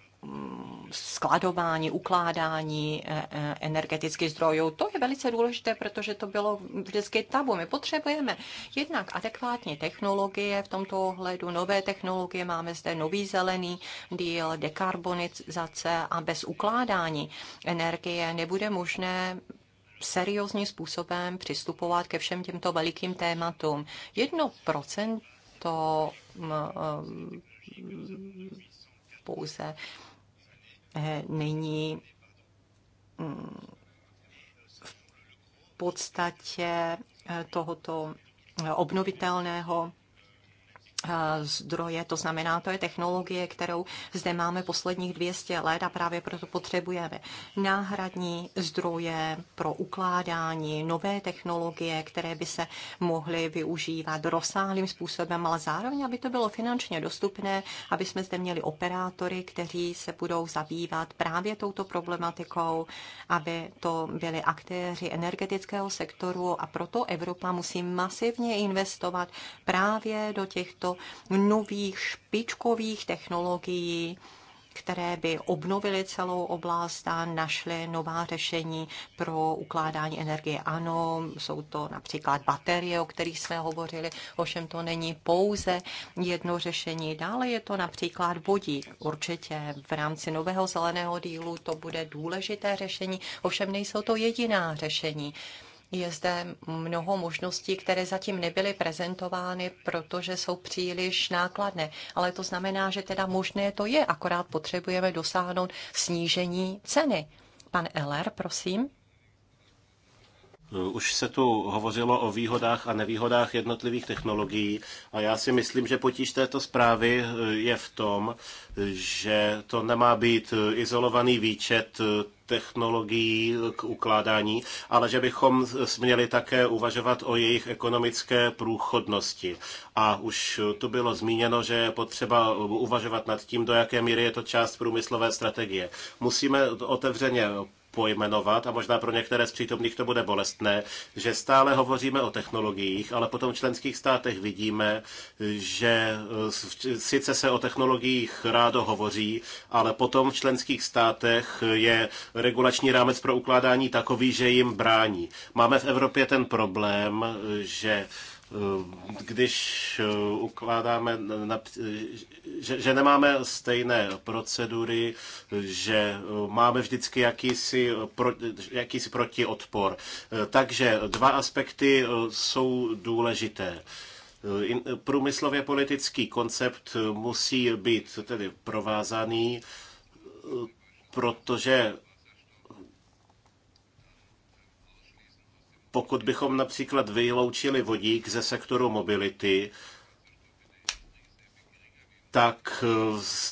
skladování, ukládání eh, eh, energetických zdrojů. To je velice důležité, protože to bylo vždycky tabu. My potřebujeme jednak adekvátní technologie v tomto ohledu, nové technologie, máme zde nový zelený díl, dekarbonizace a bez ukládání energie nebude možné seriózním způsobem přistupovat ke všem těmto velikým tématům. Jedno procento mm, mm, pouze Eh, není mm, v podstatě eh, tohoto eh, obnovitelného Eh, zdroje, to znamená, to je technologie, kterou zde máme posledních 200 let a právě proto potřebujeme náhradní zdroje pro ukládání, nové technologie, které by se mohly využívat rozsáhlým způsobem, ale zároveň, aby to bylo finančně dostupné, aby jsme zde měli operátory, kteří se budou zabývat právě touto problematikou, aby to byli aktéři energetického sektoru a proto Evropa musí masivně investovat právě do těchto nových špičkových technologií, které by obnovily celou oblast a našly nová řešení pro ukládání energie. Ano, jsou to například baterie, o kterých jsme hovořili, ovšem to není pouze jedno řešení. Dále je to například vodík. Určitě v rámci nového zeleného dílu to bude důležité řešení, ovšem nejsou to jediná řešení. Je zde mnoho možností, které zatím nebyly prezentovány, protože jsou příliš nákladné. Ale to znamená, že teda možné to je, akorát potřebujeme dosáhnout snížení ceny. Pan Eller, prosím. Eh, už se tu hovořilo o výhodách a nevýhodách jednotlivých technologií a já si myslím, že potíž této zprávy eh, je v tom, že to nemá být eh, izolovaný výčet technologií k ukládání, ale že bychom směli také uvažovat o jejich ekonomické průchodnosti. A už tu bylo zmíněno, že je potřeba uvažovat nad tím, do jaké míry je to část průmyslové strategie. Musíme otevřeně pojmenovat, a možná pro některé z přítomných to bude bolestné, že stále hovoříme o technologiích, ale potom v členských státech vidíme, že eh, sice se o technologiích rádo hovoří, ale potom v členských státech je regulační rámec pro ukládání takový, že jim brání. Máme v Evropě ten problém, eh, že Eh, když eh, ukládáme, eh, že, nemáme stejné procedury, že máme vždycky jakýsi, pro, jakýsi protiodpor. Takže dva aspekty jsou důležité. Průmyslově politický koncept musí být tedy provázaný, protože Pokud bychom například vyloučili vodík ze sektoru mobility, tak eh,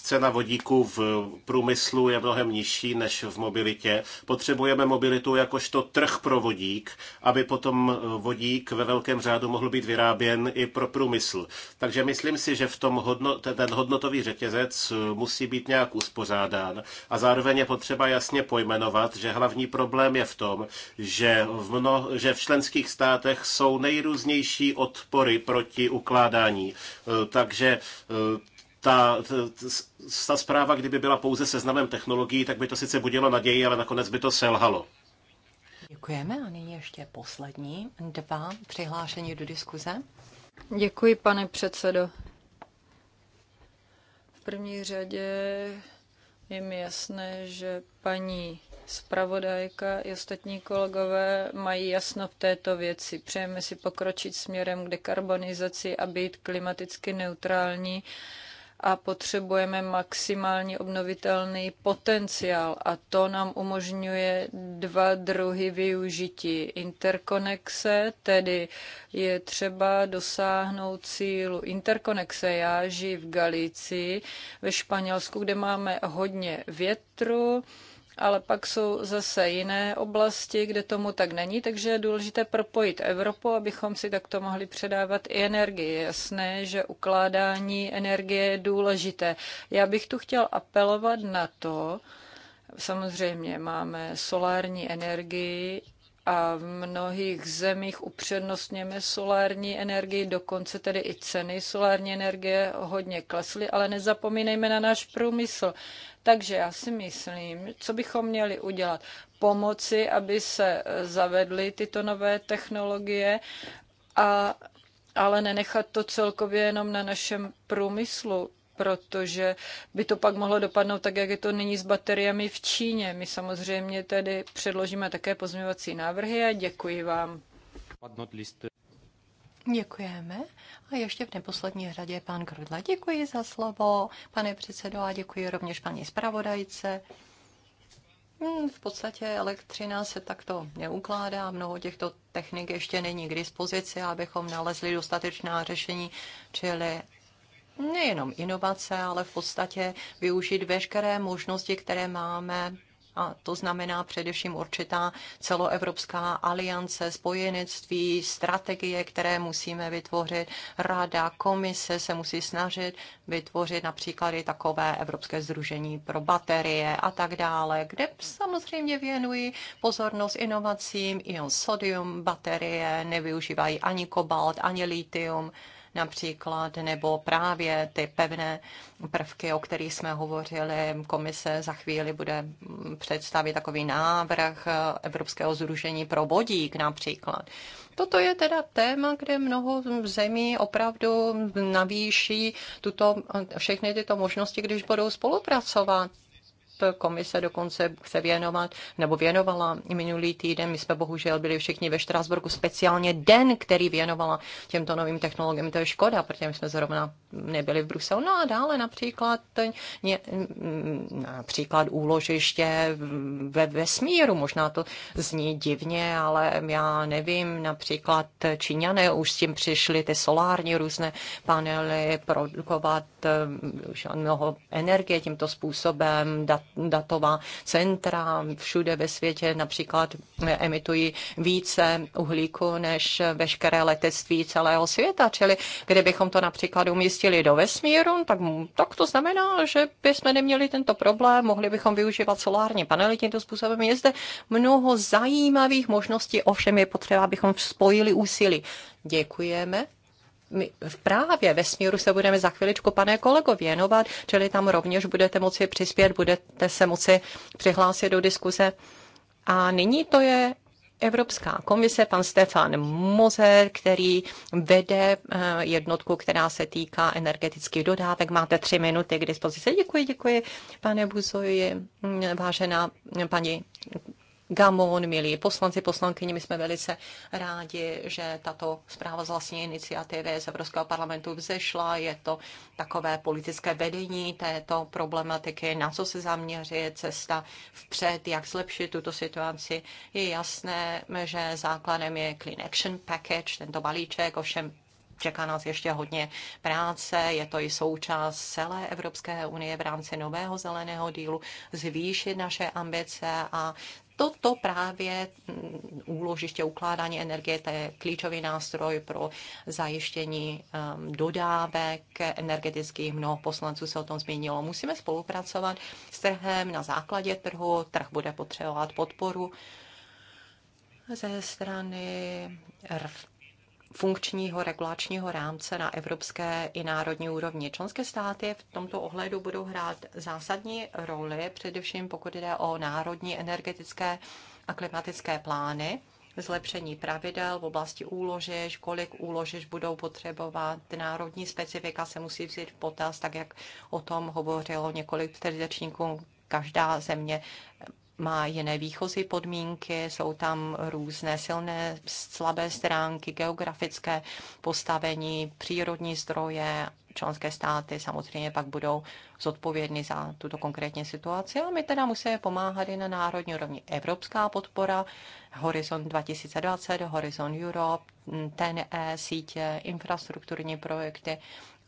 cena vodíku v průmyslu je mnohem nižší než v mobilitě. Potřebujeme mobilitu jakožto trh pro vodík, aby potom eh, vodík ve velkém řádu mohl být vyráběn i pro průmysl. Takže myslím si, že v tom hodno, ten hodnotový řetězec eh, musí být nějak uspořádán a zároveň je potřeba jasně pojmenovat, že hlavní problém je v tom, že v, mno, že v členských státech jsou nejrůznější odpory proti ukládání. Takže ta, ta, ta zpráva, kdyby byla pouze seznamem technologií, tak by to sice budilo naději, ale nakonec by to selhalo. Děkujeme a nyní ještě poslední dva přihlášení do diskuze. Děkuji, pane předsedo. V první řadě je mi jasné, že paní zpravodajka i ostatní kolegové mají jasno v této věci. Přejeme si pokročit směrem k dekarbonizaci a být klimaticky neutrální a potřebujeme maximální obnovitelný potenciál a to nám umožňuje dva druhy využití interkonexe, tedy je třeba dosáhnout cílu interkonexe. Já žiju v Galicii ve Španělsku, kde máme hodně větru, ale pak jsou zase jiné oblasti, kde tomu tak není, takže je důležité propojit Evropu, abychom si takto mohli předávat i energii. Je jasné, že ukládání energie je důležité. Já bych tu chtěl apelovat na to, Samozřejmě máme solární energii a v mnohých zemích upřednostněme solární energii, dokonce tedy i ceny solární energie hodně klesly, ale nezapomínejme na náš průmysl. Takže já si myslím, co bychom měli udělat? Pomoci, aby se zavedly tyto nové technologie, a, ale nenechat to celkově jenom na našem průmyslu, protože by to pak mohlo dopadnout tak, jak je to nyní s bateriemi v Číně. My samozřejmě tedy předložíme také pozměňovací návrhy a děkuji vám. Děkujeme. A ještě v neposlední řadě pan Grudla. Děkuji za slovo, pane předsedo, a děkuji rovněž paní zpravodajce. Hmm, v podstatě elektřina se takto neukládá, mnoho těchto technik ještě není k dispozici, abychom nalezli dostatečná řešení, čili nejenom inovace, ale v podstatě využít veškeré možnosti, které máme a to znamená především určitá celoevropská aliance, spojenectví, strategie, které musíme vytvořit. Rada, komise se musí snažit vytvořit například i takové Evropské združení pro baterie a tak dále, kde samozřejmě věnují pozornost inovacím, ion sodium, baterie nevyužívají ani kobalt, ani litium například, nebo právě ty pevné prvky, o kterých jsme hovořili. Komise za chvíli bude představit takový návrh Evropského zružení pro vodík například. Toto je teda téma, kde mnoho zemí opravdu navýší tuto, všechny tyto možnosti, když budou spolupracovat komise dokonce chce věnovat, nebo věnovala minulý týden. My jsme bohužel byli všichni ve Štrásburgu speciálně den, který věnovala těmto novým technologiím. To je škoda, protože my jsme zrovna nebyli v Bruselu. No a dále například, ně, například úložiště ve vesmíru. Možná to zní divně, ale já nevím, například Číňané už s tím přišli ty solární různé panely produkovat eh, mnoho energie tímto způsobem, dat datová centra všude ve světě například emitují více uhlíku než veškeré letectví celého světa. Čili kdybychom to například umístili do vesmíru, tak, tak to znamená, že bychom neměli tento problém, mohli bychom využívat solární panely tímto způsobem. Je zde mnoho zajímavých možností, ovšem je potřeba, abychom spojili úsilí. Děkujeme v právě ve směru se budeme za chviličku, pane kolego, věnovat, čili tam rovněž budete moci přispět, budete se moci přihlásit do diskuze. A nyní to je Evropská komise, pan Stefan Moze, který vede eh, jednotku, která se týká energetických dodávek. Máte tři minuty k dispozici. Děkuji, děkuji, pane Buzoji, vážená paní Gamon, milí poslanci, poslankyni, my jsme velice rádi, že tato zpráva z vlastní iniciativy z Evropského parlamentu vzešla. Je to takové politické vedení této problematiky, na co se zaměřit, cesta vpřed, jak zlepšit tuto situaci. Je jasné, že základem je Clean Action Package, tento balíček, ovšem čeká nás ještě hodně práce. Je to i součást celé Evropské unie v rámci nového zeleného dílu zvýšit naše ambice a toto právě mm, úložiště ukládání energie, to je klíčový nástroj pro zajištění um, dodávek energetických. Mnoho poslanců se o tom změnilo. Musíme spolupracovat s trhem na základě trhu. Trh bude potřebovat podporu ze strany funkčního regulačního rámce na evropské i národní úrovni. Členské státy v tomto ohledu budou hrát zásadní roli, především pokud jde o národní energetické a klimatické plány, zlepšení pravidel v oblasti úložiš, kolik úložiš budou potřebovat, národní specifika se musí vzít v potaz, tak jak o tom hovořilo několik předřečníků. Každá země má jiné výchozí podmínky, jsou tam různé silné, slabé stránky, geografické postavení, přírodní zdroje. Členské státy samozřejmě pak budou zodpovědny za tuto konkrétní situaci a my teda musíme pomáhat i na národní úrovni. Evropská podpora, Horizon 2020, Horizon Europe, TNE, sítě, infrastrukturní projekty,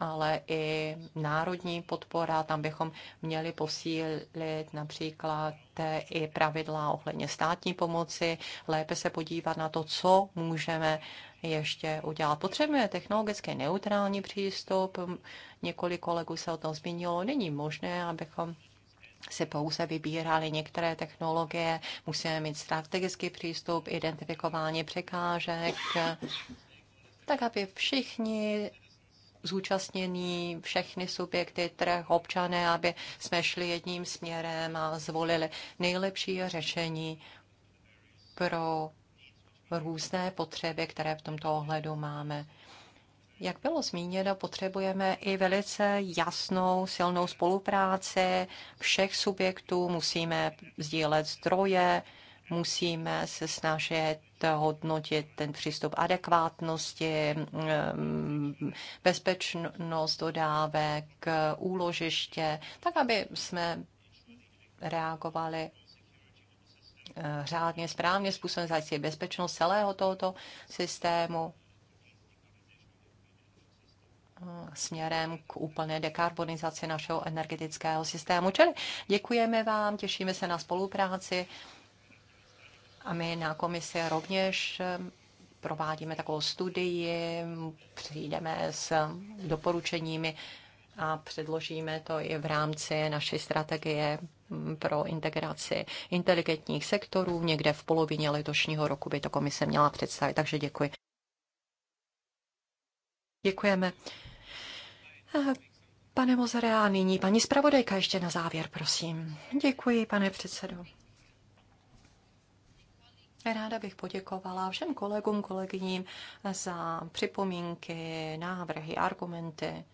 ale i národní podpora. Tam bychom měli posílit například i pravidla ohledně státní pomoci, lépe se podívat na to, co můžeme ještě udělat. Potřebujeme technologicky neutrální přístup. Několik kolegů se o tom zmínilo. Není možné, abychom si pouze vybírali některé technologie, musíme mít strategický přístup, identifikování překážek, tak aby všichni zúčastnění, všechny subjekty, trh, občané, aby jsme šli jedním směrem a zvolili nejlepší řešení pro různé potřeby, které v tomto ohledu máme. Jak bylo zmíněno, potřebujeme i velice jasnou, silnou spolupráci všech subjektů. Musíme sdílet zdroje, musíme se snažit hodnotit ten přístup adekvátnosti, bezpečnost dodávek, úložiště, tak aby jsme reagovali eh, řádně, správně způsobem zajistit bezpečnost celého tohoto systému eh, směrem k úplné dekarbonizaci našeho energetického systému. Čili děkujeme vám, těšíme se na spolupráci a my na komisi rovněž eh, provádíme takovou studii, přijdeme s doporučeními a předložíme to i v rámci naší strategie hm, pro integraci inteligentních sektorů. Někde v polovině letošního roku by to komise měla představit, takže děkuji. Děkujeme. Pane Mozare, a nyní paní zpravodajka ještě na závěr, prosím. Děkuji, pane předsedo. Ráda bych poděkovala všem kolegům, kolegyním za připomínky, návrhy, argumenty.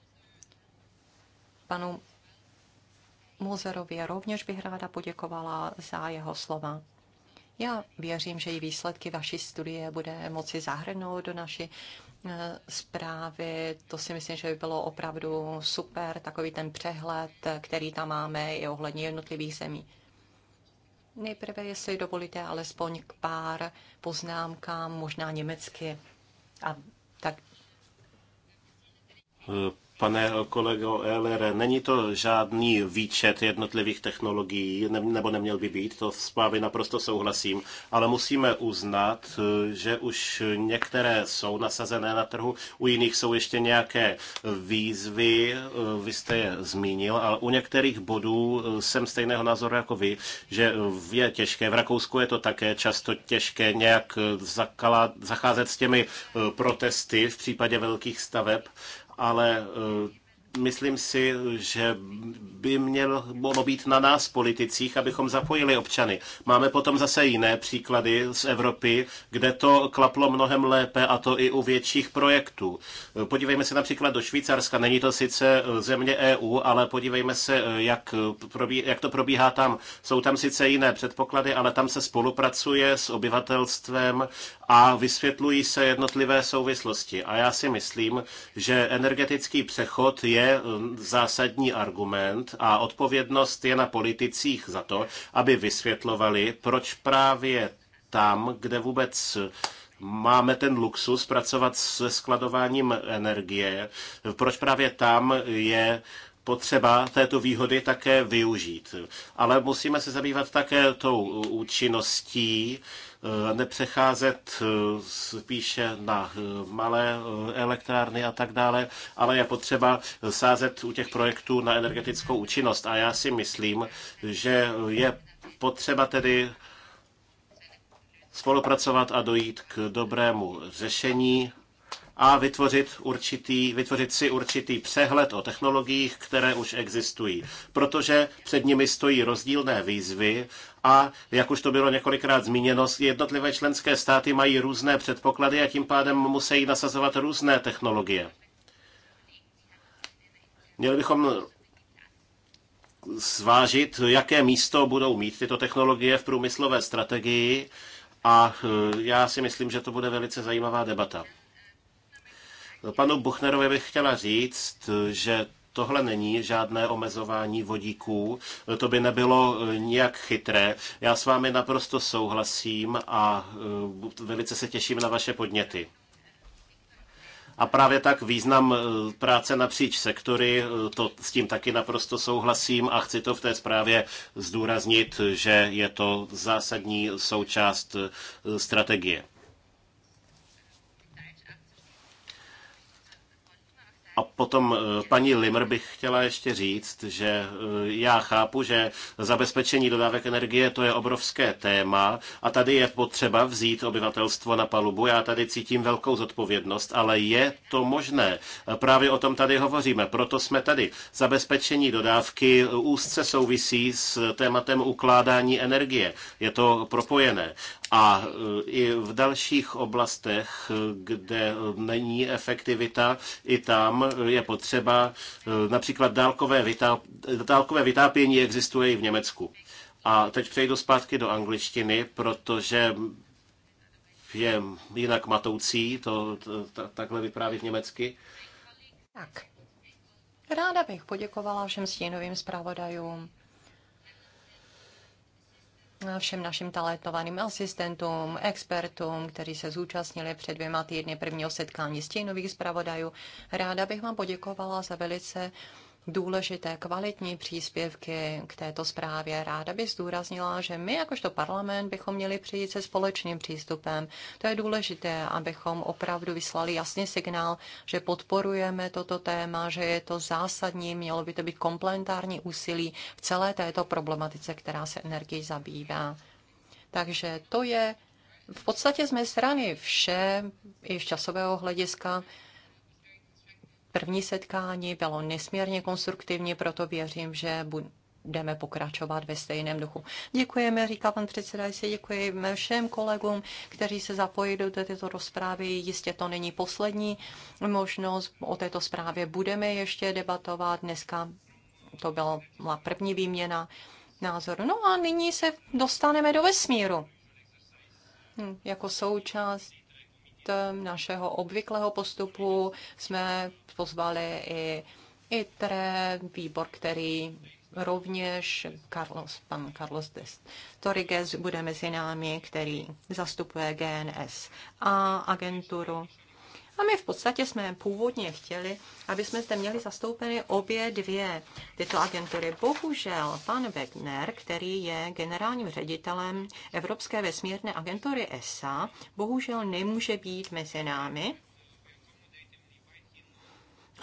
Panu Mozerovi rovněž bych ráda poděkovala za jeho slova. Já věřím, že i výsledky vaší studie bude moci zahrnout do naší e, zprávy. To si myslím, že by bylo opravdu super, takový ten přehled, který tam máme i ohledně jednotlivých zemí. Nejprve, jestli dovolíte, alespoň k pár poznámkám, možná německy a tak. Eh, Pane kolego Ehlere, není to žádný výčet jednotlivých technologií, nebo neměl by být, to s vámi naprosto souhlasím, ale musíme uznat, že už některé jsou nasazené na trhu, u jiných jsou ještě nějaké výzvy, vy jste je zmínil, ale u některých bodů jsem stejného názoru jako vy, že je těžké, v Rakousku je to také často těžké nějak zakala, zacházet s těmi protesty v případě velkých staveb, ale eh, myslím si, že by mělo být na nás politicích, abychom zapojili občany. Máme potom zase jiné příklady z Evropy, kde to klaplo mnohem lépe a to i u větších projektů. Podívejme se například do Švýcarska. Není to sice země EU, ale podívejme se, jak, probí, jak to probíhá tam. Jsou tam sice jiné předpoklady, ale tam se spolupracuje s obyvatelstvem a vysvětlují se jednotlivé souvislosti. A já si myslím, že energetický přechod je je um, zásadní argument a odpovědnost je na politicích za to, aby vysvětlovali, proč právě tam, kde vůbec máme ten luxus pracovat se skladováním energie, proč právě tam je potřeba této výhody také využít. Ale musíme se zabývat také tou účinností, Eh, nepřecházet eh, spíše na eh, malé elektrárny a tak dále, ale je potřeba sázet u těch projektů na energetickou účinnost. A já si myslím, že je potřeba tedy spolupracovat a dojít k dobrému řešení a vytvořit, určitý, vytvořit si určitý přehled o technologiích, které už existují. Protože před nimi stojí rozdílné výzvy a, jak už to bylo několikrát zmíněno, jednotlivé členské státy mají různé předpoklady a tím pádem musí nasazovat různé technologie. Měli bychom zvážit, jaké místo budou mít tyto technologie v průmyslové strategii a eh, já si myslím, že to bude velice zajímavá debata. Panu Buchnerovi bych chtěla říct, eh, že tohle není žádné omezování vodíků, to by nebylo eh, nijak chytré. Já s vámi naprosto souhlasím a eh, velice se těším na vaše podněty. A právě tak význam eh, práce napříč sektory, to s tím taky naprosto souhlasím a chci to v té zprávě zdůraznit, že je to zásadní součást strategie. A potom eh, paní Limr bych chtěla ještě říct, že eh, já chápu, že zabezpečení dodávek energie to je obrovské téma a tady je potřeba vzít obyvatelstvo na palubu. Já tady cítím velkou zodpovědnost, ale je to možné. Eh, právě o tom tady hovoříme, proto jsme tady. Zabezpečení dodávky úzce souvisí s tématem ukládání energie. Je to propojené. A e, i v dalších oblastech, kde není efektivita, i tam je potřeba e, například dálkové, vytáp, dálkové vytápění existuje i v Německu. A teď přejdu zpátky do angličtiny, protože je jinak matoucí, to, to, to takhle vyprávět německy. Tak, ráda bych poděkovala všem stínovým zpravodajům všem našim talentovaným asistentům, expertům, kteří se zúčastnili před dvěma týdny prvního setkání stínových zpravodajů. Ráda bych vám poděkovala za velice důležité, kvalitní příspěvky k této zprávě. Ráda bych zdůraznila, že my jakožto parlament bychom měli přijít se společným přístupem. To je důležité, abychom opravdu vyslali jasný signál, že podporujeme toto téma, že je to zásadní, mělo by to být komplementární úsilí v celé této problematice, která se energií zabývá. Takže to je v podstatě z mé strany vše i z časového hlediska. První setkání bylo nesmírně konstruktivní, proto věřím, že budeme pokračovat ve stejném duchu. Děkujeme, říká pan předsedající, děkujeme všem kolegům, kteří se zapojili do této rozprávy. Jistě to není poslední možnost. O této zprávě budeme ještě debatovat. Dneska to byla první výměna názoru. No a nyní se dostaneme do vesmíru. Hm, jako součást našeho obvyklého postupu jsme pozvali i ITRE, výbor, který rovněž Carlos, pan Carlos de Torriges bude mezi námi, který zastupuje GNS a agenturu a my v podstatě jsme původně chtěli, aby jsme zde měli zastoupeny obě dvě tyto agentury. Bohužel pan Wegner, který je generálním ředitelem Evropské vesmírné agentury ESA, bohužel nemůže být mezi námi.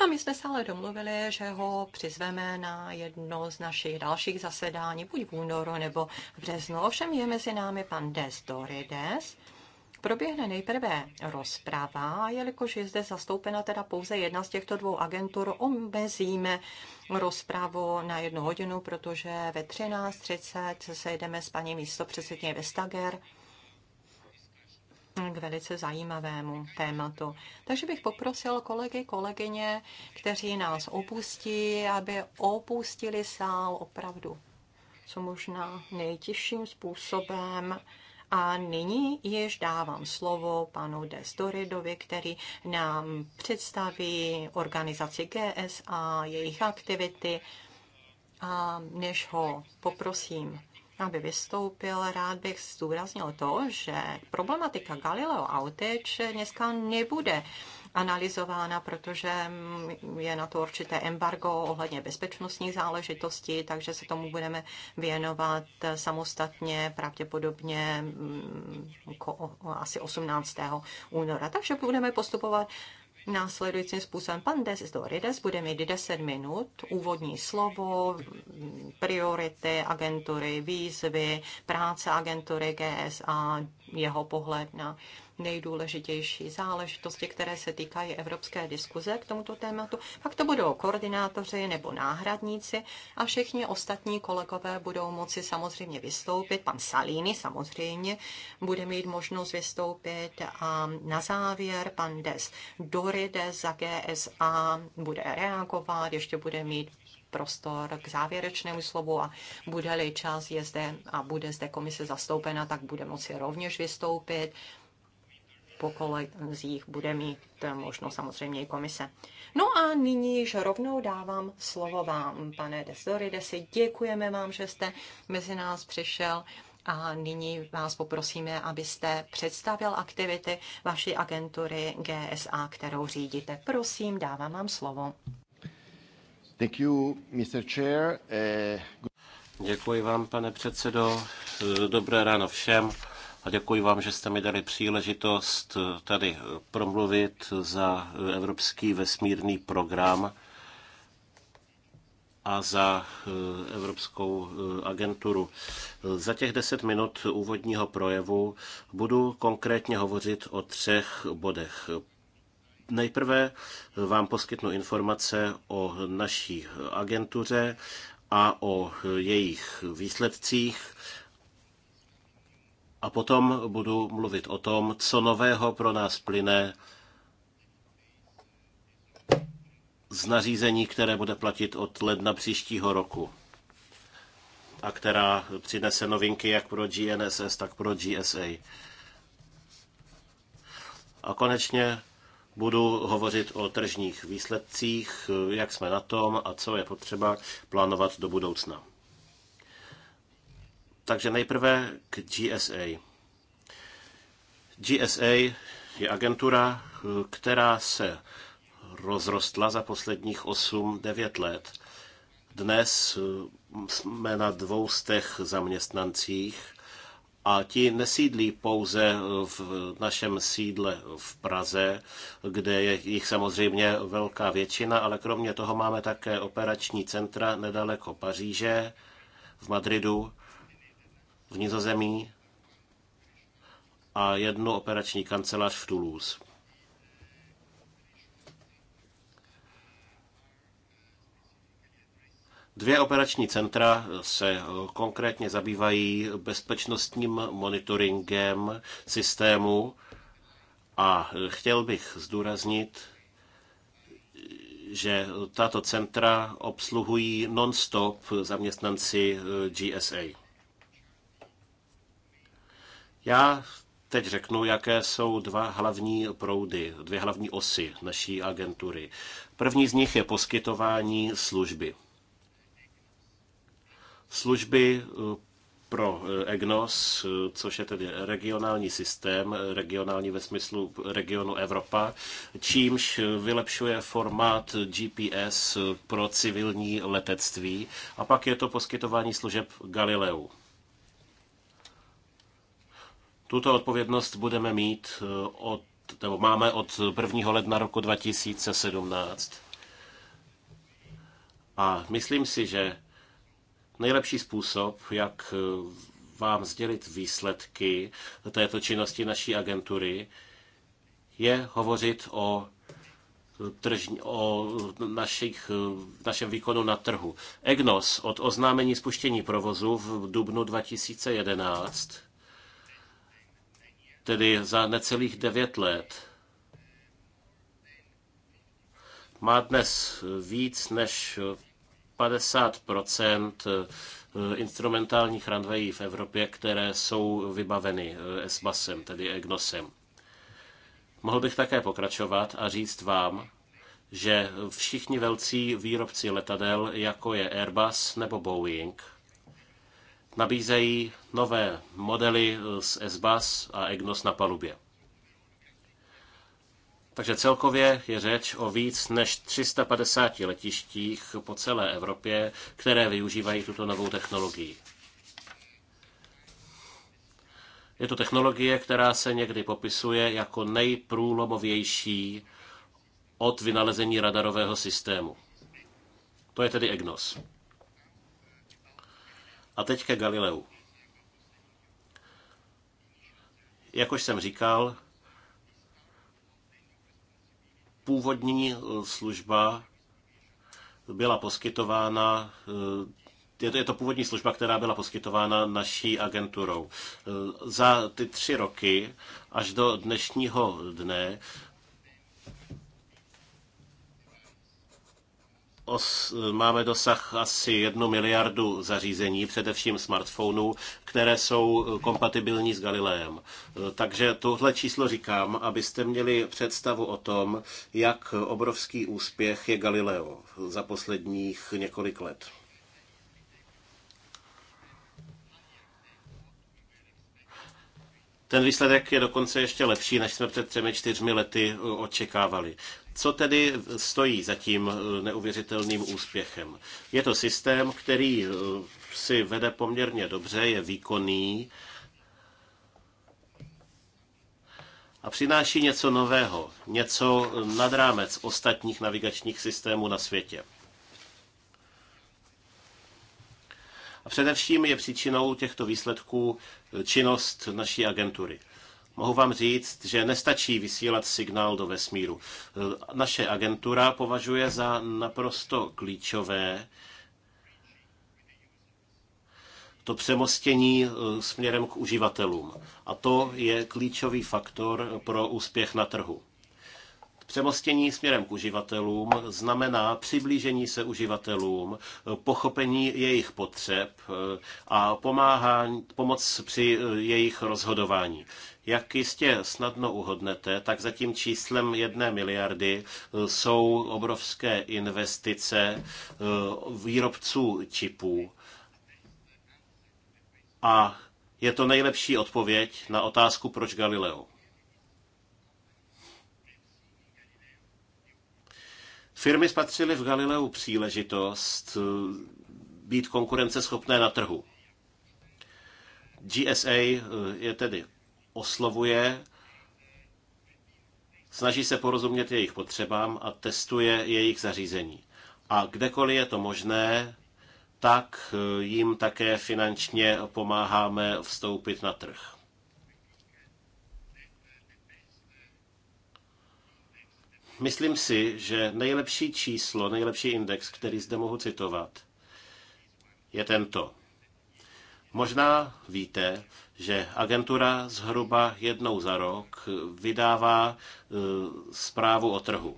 A my jsme se ale domluvili, že ho přizveme na jedno z našich dalších zasedání, buď v únoru nebo v březnu. Ovšem je mezi námi pan Des Dorides, Proběhne nejprve rozprava, jelikož je zde zastoupena teda pouze jedna z těchto dvou agentur, omezíme rozpravu na jednu hodinu, protože ve 13.30 sejdeme s paní místopředsedkyně Vestager k velice zajímavému tématu. Takže bych poprosil kolegy, kolegyně, kteří nás opustí, aby opustili sál opravdu co možná nejtěžším způsobem. A nyní již dávám slovo panu Desdoridovi, který nám představí organizaci a jejich aktivity. A než ho poprosím, aby vystoupil, rád bych zdůraznil to, že problematika Galileo Outage dneska nebude analyzována, protože je na to určité embargo ohledně bezpečnostních záležitostí, takže se tomu budeme věnovat samostatně, pravděpodobně mm, asi 18. února. Takže budeme postupovat Následujícím způsobem pan Desdorides bude mít 10 minut, úvodní slovo, mm, priority agentury, výzvy, práce agentury GSA, jeho pohled na nejdůležitější záležitosti, které se týkají evropské diskuze k tomuto tématu. Pak to budou koordinátoři nebo náhradníci a všichni ostatní kolegové budou moci samozřejmě vystoupit. Pan Salini samozřejmě bude mít možnost vystoupit a na závěr pan Des Dorides za GSA bude reagovat, ještě bude mít prostor k závěrečnému slovu a bude-li čas je zde a bude zde komise zastoupena, tak bude moci rovněž vystoupit po kolezích bude mít eh, možnost samozřejmě i komise. No a nyní již rovnou dávám slovo vám, pane Desi. Děkujeme vám, že jste mezi nás přišel. A nyní vás poprosíme, abyste představil aktivity vaší agentury GSA, kterou řídíte. Prosím, dávám vám slovo. Thank you, Mr. Chair. Eh, Děkuji vám, pane předsedo. Dobré ráno všem a děkuji vám, že jste mi dali příležitost tady promluvit za Evropský vesmírný program a za eh, Evropskou eh, agenturu. Za těch deset minut úvodního projevu budu konkrétně hovořit o třech bodech. Nejprve vám poskytnu informace o naší agentuře a o jejich výsledcích a potom budu mluvit o tom, co nového pro nás plyne z nařízení, které bude platit od ledna příštího roku a která přinese novinky jak pro GNSS, tak pro GSA. A konečně budu hovořit o tržních výsledcích, jak jsme na tom a co je potřeba plánovat do budoucna. Takže nejprve k GSA. GSA je agentura, která se rozrostla za posledních 8-9 let. Dnes jsme na dvou těch zaměstnancích a ti nesídlí pouze v našem sídle v Praze, kde je jich samozřejmě velká většina, ale kromě toho máme také operační centra nedaleko Paříže, v Madridu v Nizozemí a jednu operační kancelář v Toulouse. Dvě operační centra se eh, konkrétně zabývají bezpečnostním monitoringem systému a eh, chtěl bych zdůraznit, že tato centra obsluhují non-stop zaměstnanci eh, GSA. Já teď řeknu, jaké jsou dva hlavní proudy, dvě hlavní osy naší agentury. První z nich je poskytování služby. Služby eh, pro eh, EGNOS, eh, což je tedy regionální systém, regionální ve smyslu regionu Evropa, čímž vylepšuje formát GPS pro civilní letectví a pak je to poskytování služeb Galileu. Tuto odpovědnost budeme mít eh, od, nebo máme od 1. ledna roku 2017. A myslím si, že nejlepší způsob, jak eh, vám sdělit výsledky této činnosti naší agentury, je hovořit o eh, tržní, o našich, našem výkonu na trhu. EGNOS od oznámení spuštění provozu v dubnu 2011 tedy za necelých devět let, má dnes víc než 50 eh, instrumentálních runwayů v Evropě, které jsou vybaveny eh, SBASem, tedy EGNOSem. Mohl bych také pokračovat a říct vám, že všichni velcí výrobci letadel, jako je Airbus nebo Boeing, nabízejí nové modely eh, z SBAS a EGNOS na palubě. Takže celkově je řeč o víc než 350 letištích po celé Evropě, které využívají tuto novou technologii. Je to technologie, která se někdy popisuje jako nejprůlomovější od vynalezení radarového systému. To je tedy EGNOS. A teď ke Galileu. Jak už jsem říkal, původní eh, služba byla poskytována eh, je to, je to původní služba, která byla poskytována naší agenturou. Eh, za ty tři roky až do dnešního dne os, máme dosah asi jednu miliardu zařízení, především smartphonů, které jsou kompatibilní s Galileem. Takže tohle číslo říkám, abyste měli představu o tom, jak obrovský úspěch je Galileo za posledních několik let. Ten výsledek je dokonce ještě lepší, než jsme před třemi, čtyřmi lety očekávali. Co tedy stojí za tím eh, neuvěřitelným úspěchem? Je to systém, který eh, si vede poměrně dobře, je výkonný a přináší něco nového, něco nad rámec ostatních navigačních systémů na světě. A především je příčinou těchto výsledků eh, činnost naší agentury. Mohu vám říct, že nestačí vysílat signál do vesmíru. Naše agentura považuje za naprosto klíčové to přemostění eh, směrem k uživatelům. A to je klíčový faktor pro úspěch na trhu. Přemostění směrem k uživatelům znamená přiblížení se uživatelům, pochopení jejich potřeb eh, a pomáhání, pomoc při eh, jejich rozhodování. Jak jistě snadno uhodnete, tak za tím číslem jedné miliardy eh, jsou obrovské investice výrobců čipů. A je to nejlepší odpověď na otázku, proč Galileo. Firmy spatřily v Galileu příležitost eh, být konkurenceschopné na trhu. GSA eh, je tedy oslovuje, snaží se porozumět jejich potřebám a testuje jejich zařízení. A kdekoliv je to možné, tak eh, jim také finančně pomáháme vstoupit na trh. Myslím si, že nejlepší číslo, nejlepší index, který zde mohu citovat, je tento. Možná víte, že agentura zhruba jednou za rok vydává e, zprávu o trhu.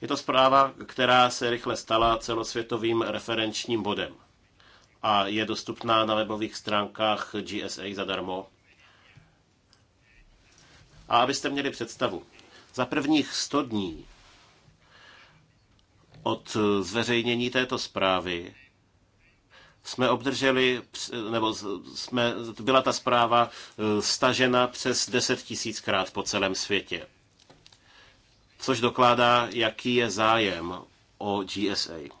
Je to zpráva, která se rychle stala celosvětovým referenčním bodem a je dostupná na webových stránkách GSA zadarmo. A abyste měli představu, za prvních 100 dní od zveřejnění této zprávy jsme obdrželi, nebo jsme, byla ta zpráva e, stažena přes 10 tisíckrát po celém světě. Což dokládá, jaký je zájem o GSA.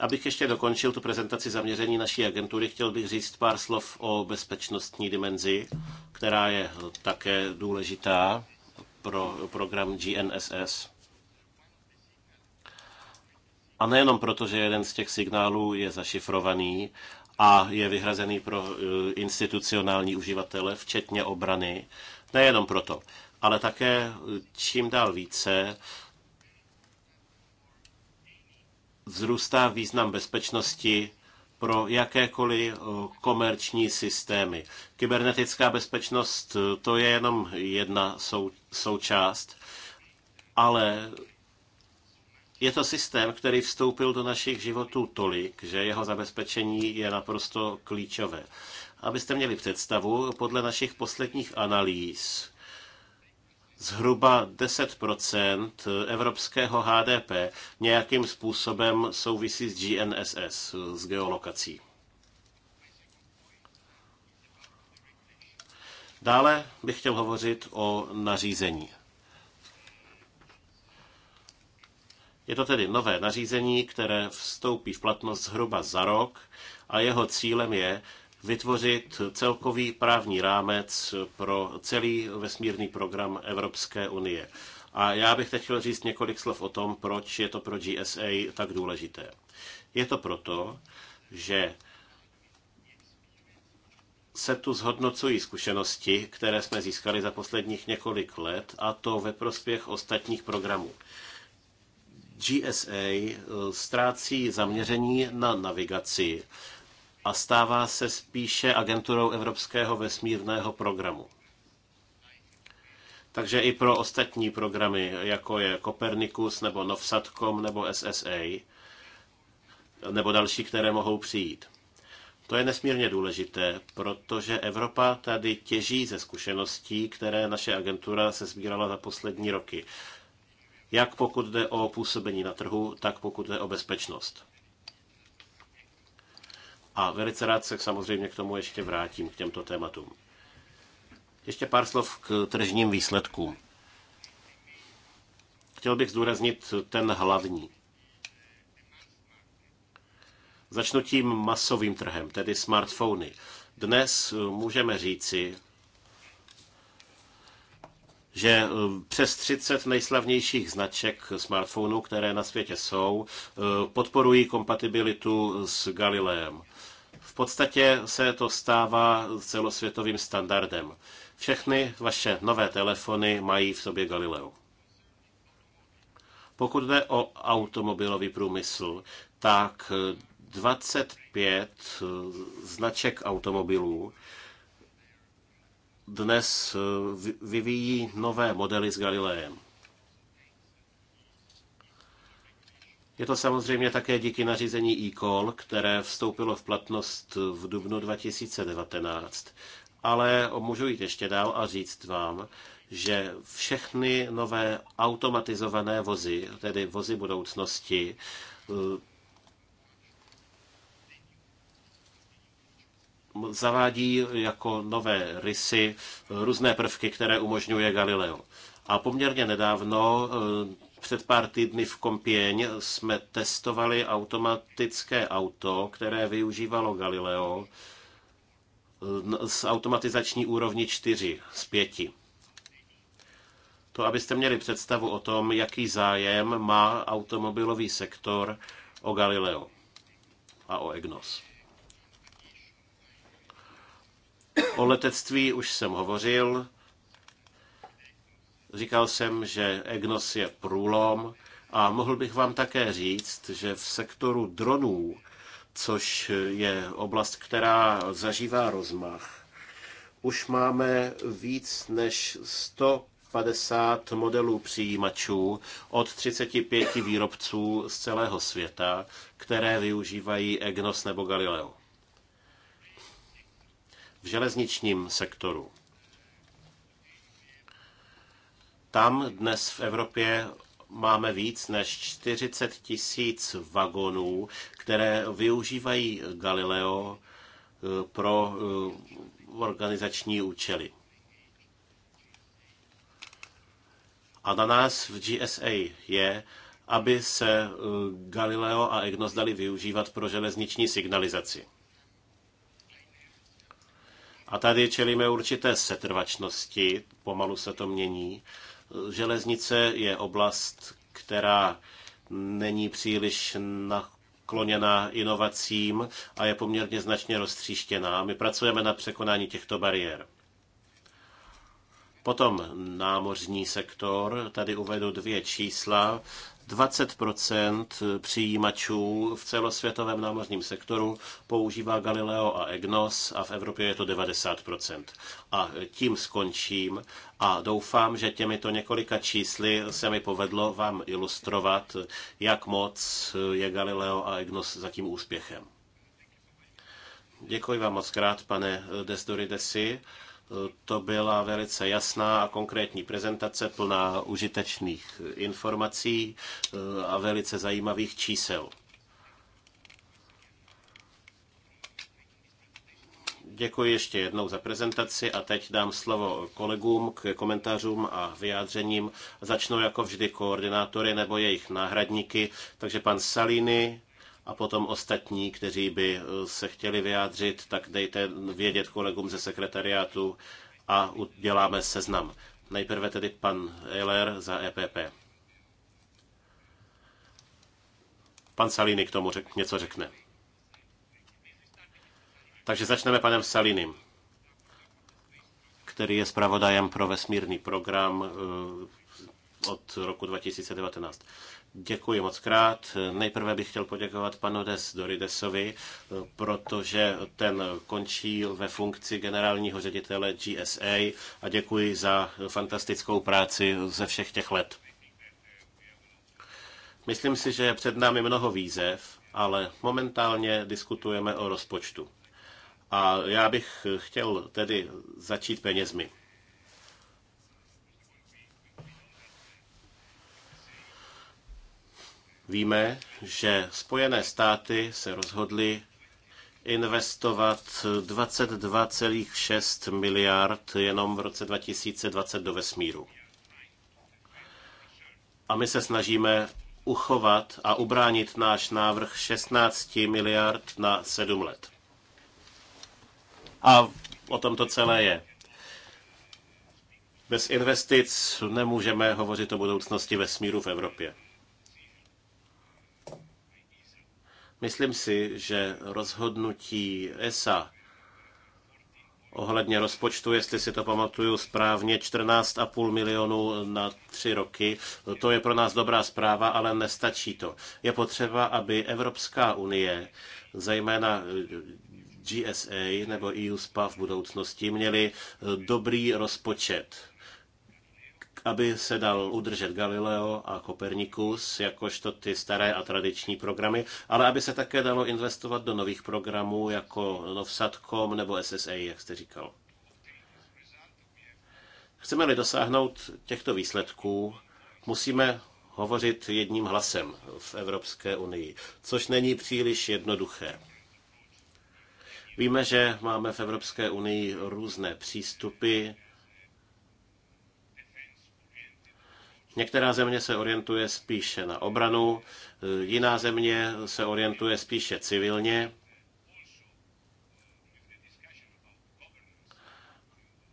Abych ještě dokončil tu prezentaci zaměření naší agentury, chtěl bych říct pár slov o bezpečnostní dimenzi, která je také důležitá pro program GNSS. A nejenom proto, že jeden z těch signálů je zašifrovaný a je vyhrazený pro e, institucionální uživatele, včetně obrany. Nejenom proto, ale také e, čím dál více vzrůstá význam bezpečnosti pro jakékoliv eh, komerční systémy. Kybernetická bezpečnost eh, to je jenom jedna sou, součást, ale je to systém, který vstoupil do našich životů tolik, že jeho zabezpečení je naprosto klíčové. Abyste měli představu, podle našich posledních analýz zhruba 10 evropského HDP nějakým způsobem souvisí s GNSS, s geolokací. Dále bych chtěl hovořit o nařízení. Je to tedy nové nařízení, které vstoupí v platnost zhruba za rok a jeho cílem je vytvořit celkový právní rámec pro celý vesmírný program Evropské unie. A já bych teď chtěl říct několik slov o tom, proč je to pro GSA tak důležité. Je to proto, že se tu zhodnocují zkušenosti, které jsme získali za posledních několik let, a to ve prospěch ostatních programů. GSA eh, ztrácí zaměření na navigaci a stává se spíše agenturou Evropského vesmírného programu. Takže i pro ostatní programy, jako je Copernicus nebo Novsatcom nebo SSA, nebo další, které mohou přijít. To je nesmírně důležité, protože Evropa tady těží ze zkušeností, které naše agentura se sbírala za poslední roky. Jak pokud jde o působení na trhu, tak pokud jde o bezpečnost. A velice rád se samozřejmě k tomu ještě vrátím, k těmto tématům. Ještě pár slov k tržním výsledkům. Chtěl bych zdůraznit ten hlavní. Začnu tím masovým trhem, tedy smartfony. Dnes můžeme říci, že eh, přes 30 nejslavnějších značek smartphonů, které na světě jsou, eh, podporují kompatibilitu s Galileem. V podstatě se to stává celosvětovým standardem. Všechny vaše nové telefony mají v sobě Galileo. Pokud jde o automobilový průmysl, tak 25 eh, značek automobilů dnes eh, vyvíjí nové modely s Galileem. Je to samozřejmě také díky nařízení e-call, které vstoupilo v platnost v dubnu 2019. Ale můžu jít ještě dál a říct vám, že všechny nové automatizované vozy, tedy vozy budoucnosti, eh, zavádí jako nové rysy různé prvky, které umožňuje Galileo. A poměrně nedávno eh, před pár týdny v Kompěň jsme testovali automatické auto, které využívalo Galileo eh, z automatizační úrovni 4 z 5. To, abyste měli představu o tom, jaký zájem má automobilový sektor o Galileo a o EGNOS. O letectví už jsem hovořil. Říkal jsem, že EGNOS je průlom a mohl bych vám také říct, že v sektoru dronů, což je oblast, která zažívá rozmach, už máme víc než 100 50 modelů přijímačů od 35 výrobců z celého světa, které využívají EGNOS nebo Galileo v železničním sektoru. Tam dnes v Evropě máme víc než 40 tisíc vagonů, které využívají Galileo eh, pro eh, organizační účely. A na nás v GSA je, aby se eh, Galileo a EGNOS dali využívat pro železniční signalizaci. A tady čelíme určité setrvačnosti, pomalu se to mění. Železnice je oblast, která není příliš nakloněná inovacím a je poměrně značně roztříštěná. My pracujeme na překonání těchto bariér. Potom námořní sektor, tady uvedu dvě čísla. 20 přijímačů v celosvětovém námořním sektoru používá Galileo a EGNOS a v Evropě je to 90 A tím skončím a doufám, že těmito několika čísly se mi povedlo vám ilustrovat, jak moc je Galileo a EGNOS tím úspěchem. Děkuji vám moc krát, pane Desdoridesi. To byla velice jasná a konkrétní prezentace plná užitečných informací eh, a velice zajímavých čísel. Děkuji ještě jednou za prezentaci a teď dám slovo kolegům k komentářům a vyjádřením. Začnou jako vždy koordinátory nebo jejich náhradníky. Takže pan Salini, a potom ostatní, kteří by eh, se chtěli vyjádřit, tak dejte vědět kolegům ze sekretariátu a uděláme seznam. Nejprve tedy pan Eiler za EPP. Pan Salini k tomu řek, něco řekne. Takže začneme panem Salinim, který je zpravodajem pro vesmírný program eh, od roku 2019. Děkuji moc krát. Nejprve bych chtěl poděkovat panu Des Doridesovi, protože ten končí ve funkci generálního ředitele GSA a děkuji za fantastickou práci ze všech těch let. Myslím si, že je před námi mnoho výzev, ale momentálně diskutujeme o rozpočtu. A já bych chtěl tedy začít penězmi. Víme, že Spojené státy se rozhodly investovat 22,6 miliard jenom v roce 2020 do vesmíru. A my se snažíme uchovat a ubránit náš návrh 16 miliard na 7 let. A o tom to celé je. Bez investic nemůžeme hovořit o budoucnosti vesmíru v Evropě. Myslím si, že rozhodnutí ESA ohledně rozpočtu, jestli si to pamatuju správně, 14,5 milionů na tři roky. To je pro nás dobrá zpráva, ale nestačí to. Je potřeba, aby Evropská unie, zejména GSA nebo EU SPA v budoucnosti, měli dobrý rozpočet aby se dal udržet Galileo a Kopernikus, jakožto ty staré a tradiční programy, ale aby se také dalo investovat do nových programů, jako Novsatcom nebo SSA, jak jste říkal. Chceme-li dosáhnout těchto výsledků, musíme hovořit jedním hlasem v Evropské unii, což není příliš jednoduché. Víme, že máme v Evropské unii různé přístupy, Některá země se orientuje spíše na obranu, e, jiná země se orientuje spíše civilně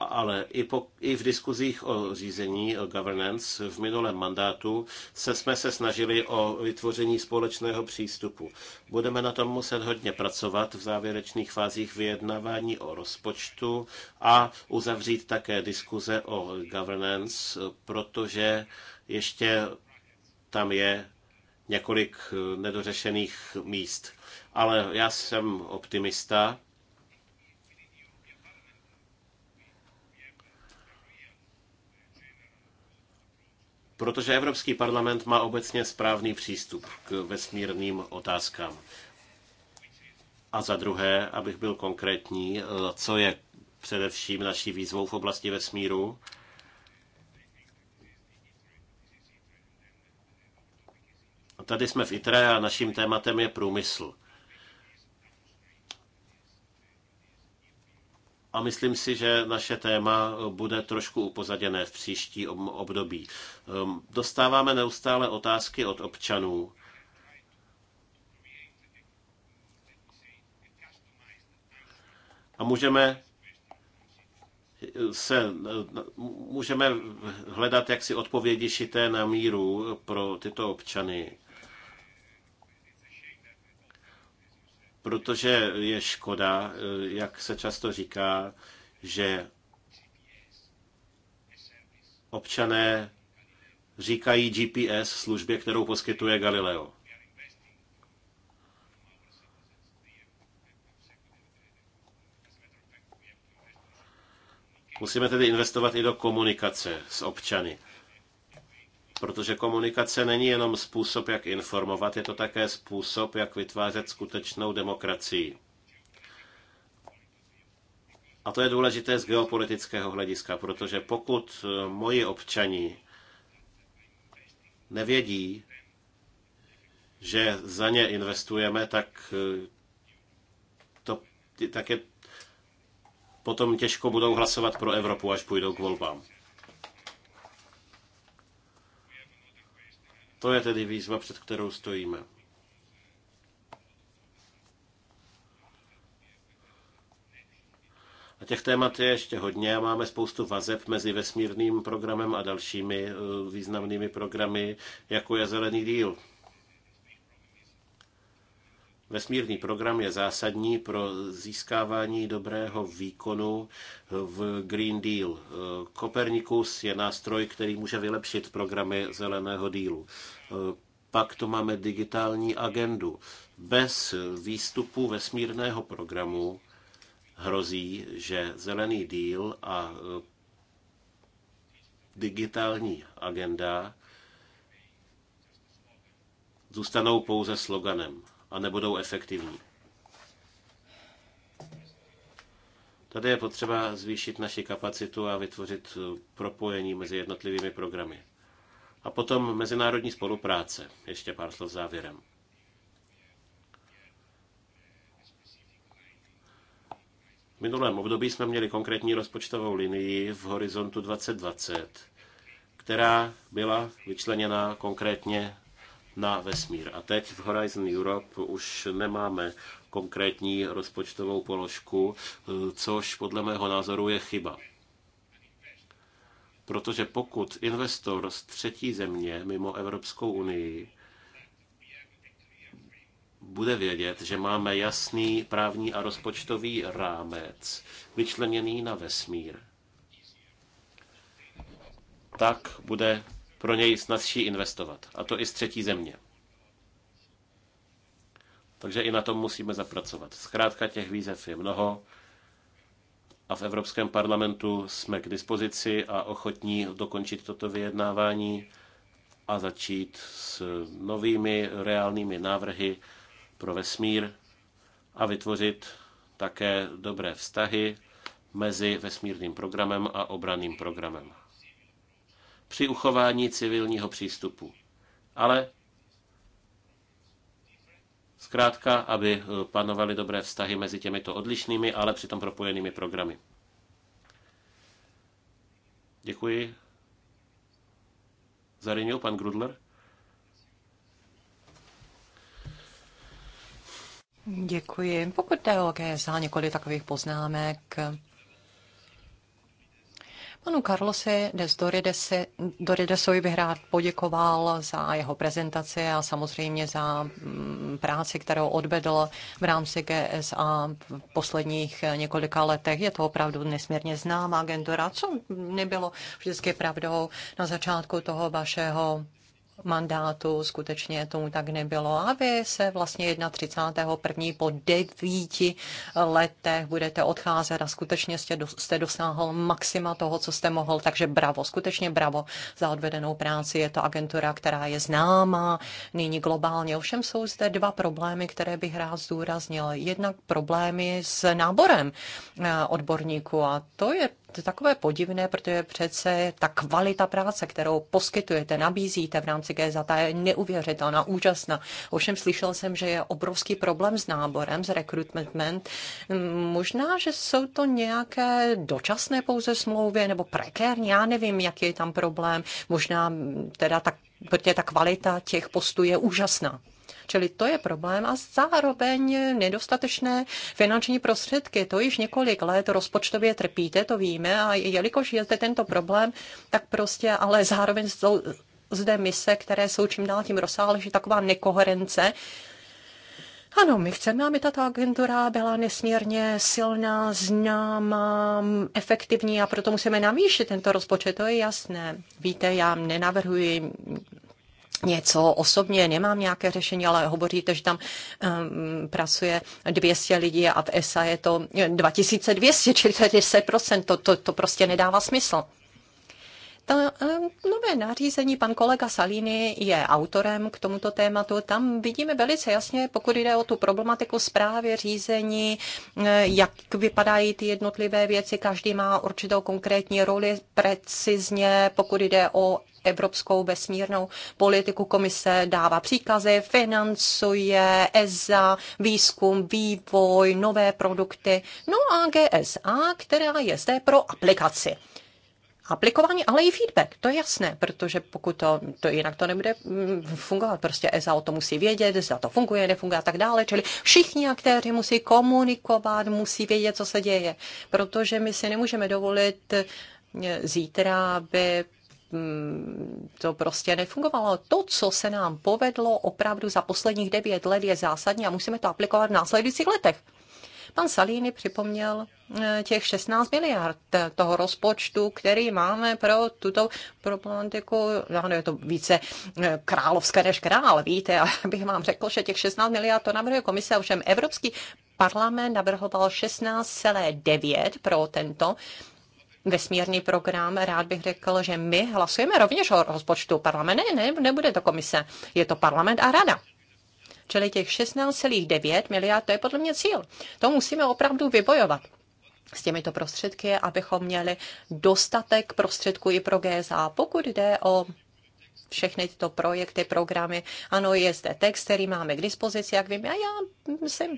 ale i, po, i v diskuzích o řízení, o governance v minulém mandátu se jsme se snažili o vytvoření společného přístupu. Budeme na tom muset hodně pracovat v závěrečných fázích vyjednávání o rozpočtu a uzavřít také diskuze o governance, protože ještě tam je několik nedořešených míst. Ale já jsem optimista protože Evropský parlament má obecně správný přístup k vesmírným otázkám. A za druhé, abych byl konkrétní, co je především naší výzvou v oblasti vesmíru, Tady jsme v ITRE a naším tématem je průmysl. a myslím si, že naše téma bude trošku upozaděné v příští období. Ehm, dostáváme neustále otázky od občanů. A můžeme se můžeme hledat jaksi odpovědi šité na míru pro tyto občany. protože je škoda, eh, jak se často říká, že občané říkají GPS službě, kterou poskytuje Galileo. Musíme tedy investovat i do komunikace s občany protože komunikace není jenom způsob, jak informovat, je to také způsob, jak vytvářet skutečnou demokracii. A to je důležité z geopolitického hlediska, protože pokud eh, moji občani nevědí, že za ně investujeme, tak, eh, to, tak je potom těžko budou hlasovat pro Evropu, až půjdou k volbám. To je tedy výzva, před kterou stojíme. A těch témat je ještě hodně. Máme spoustu vazeb mezi vesmírným programem a dalšími eh, významnými programy, jako je Zelený díl. Vesmírný program je zásadní pro získávání dobrého výkonu v Green Deal. Kopernikus je nástroj, který může vylepšit programy zeleného dílu. Pak tu máme digitální agendu. Bez výstupu vesmírného programu hrozí, že zelený díl a digitální agenda zůstanou pouze sloganem a nebudou efektivní. Tady je potřeba zvýšit naši kapacitu a vytvořit eh, propojení mezi jednotlivými programy. A potom mezinárodní spolupráce. Ještě pár slov závěrem. V minulém období jsme měli konkrétní rozpočtovou linii v horizontu 2020, která byla vyčleněna konkrétně na vesmír. A teď v Horizon Europe už nemáme konkrétní rozpočtovou položku, eh, což podle mého názoru je chyba. Protože pokud investor z třetí země mimo Evropskou unii bude vědět, že máme jasný právní a rozpočtový rámec vyčleněný na vesmír, tak bude pro něj snazší investovat. A to i z třetí země. Takže i na tom musíme zapracovat. Zkrátka těch výzev je mnoho a v Evropském parlamentu jsme k dispozici a ochotní dokončit toto vyjednávání a začít s novými reálnými návrhy pro vesmír a vytvořit také dobré vztahy mezi vesmírným programem a obraným programem při uchování civilního přístupu. Ale zkrátka, aby eh, panovaly dobré vztahy mezi těmito odlišnými, ale přitom propojenými programy. Děkuji. Zarinil pan Grudler? Děkuji. Pokud jde o GSA, několik takových poznámek. Panu Carlosi Doridesi, Doridesovi bych rád poděkoval za jeho prezentaci a samozřejmě za mm, práci, kterou odvedl v rámci GSA v posledních několika letech. Je to opravdu nesmírně známá agentura, co nebylo vždycky pravdou na začátku toho vašeho mandátu skutečně tomu tak nebylo. A se vlastně 31. po devíti letech budete odcházet a skutečně jste, jste dosáhl maxima toho, co jste mohl. Takže bravo, skutečně bravo za odvedenou práci. Je to agentura, která je známá nyní globálně. Ovšem jsou zde dva problémy, které bych rád zdůraznil. Jednak problémy s náborem eh, odborníků a to je to je takové podivné, protože přece ta kvalita práce, kterou poskytujete, nabízíte v rámci GZ, je neuvěřitelná, úžasná. Ovšem slyšel jsem, že je obrovský problém s náborem, s recruitment. Možná, že jsou to nějaké dočasné pouze smlouvy nebo prekérní, já nevím, jaký je tam problém. Možná teda tak, protože ta kvalita těch postů je úžasná. Čili to je problém a zároveň nedostatečné finanční prostředky. To již několik let rozpočtově trpíte, to víme a jelikož je zde tento problém, tak prostě ale zároveň jsou zde mise, které jsou čím dál tím že taková nekoherence, ano, my chceme, aby tato agentura byla nesmírně silná, známá, efektivní a proto musíme navýšit tento rozpočet, to je jasné. Víte, já nenavrhuji něco osobně, nemám nějaké řešení, ale hovoříte, že tam um, pracuje 200 lidí a v ESA je to 2200, <laughs> čili to je 10%, to, to, to prostě nedává smysl. To ehm, nové nařízení, pan kolega Salini je autorem k tomuto tématu. Tam vidíme velice jasně, pokud jde o tu problematiku zprávy, řízení, eh, jak vypadají ty jednotlivé věci. Každý má určitou konkrétní roli precizně, pokud jde o evropskou vesmírnou politiku. Komise dává příkazy, financuje ESA, výzkum, vývoj, nové produkty. No a GSA, která je zde pro aplikaci aplikování, ale i feedback, to je jasné, protože pokud to, to jinak to nebude mm, fungovat, prostě ESA o to musí vědět, zda to funguje, nefunguje a tak dále, čili všichni aktéři musí komunikovat, musí vědět, co se děje, protože my si nemůžeme dovolit eh, zítra, aby to prostě nefungovalo. To, co se nám povedlo opravdu za posledních devět let, je zásadní a musíme to aplikovat v následujících letech. Pan Salini připomněl eh, těch 16 miliard toho rozpočtu, který máme pro tuto problematiku. Ano, no, je to více eh, královské než král, víte, abych <laughs> vám řekl, že těch 16 miliard to navrhuje komise, ovšem Evropský parlament navrhoval 16,9 pro tento vesmírný program, rád bych řekl, že my hlasujeme rovněž o rozpočtu parlament. Ne, ne, nebude to komise, je to parlament a rada. Čili těch 16,9 miliard, to je podle mě cíl. To musíme opravdu vybojovat s těmito prostředky, abychom měli dostatek prostředků i pro GSA. Pokud jde o všechny tyto projekty, programy, ano, je zde text, který máme k dispozici, jak vím, a já jsem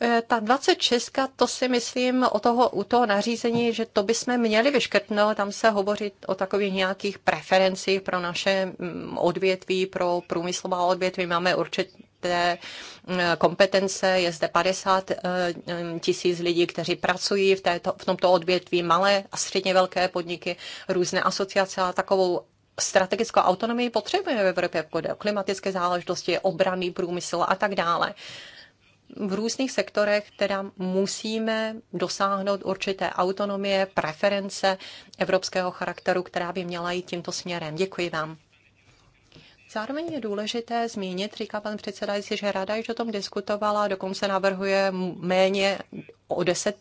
Eh, ta 26, to si myslím o toho, u toho nařízení, že to bychom měli vyškrtnout. Tam se hovoří o takových nějakých preferencích pro naše mm, odvětví, pro průmyslová odvětví. Máme určité mm, kompetence, je zde 50 eh, mm, tisíc lidí, kteří pracují v, této, v tomto odvětví, malé a středně velké podniky, různé asociace a takovou strategickou autonomii potřebujeme v Evropě, jako klimatické záležitosti, obranný průmysl a tak dále v různých sektorech teda musíme dosáhnout určité autonomie, preference evropského charakteru, která by měla jít tímto směrem. Děkuji vám. Zároveň je důležité zmínit, říká pan předsedající, že rada již o tom diskutovala, dokonce navrhuje méně o 10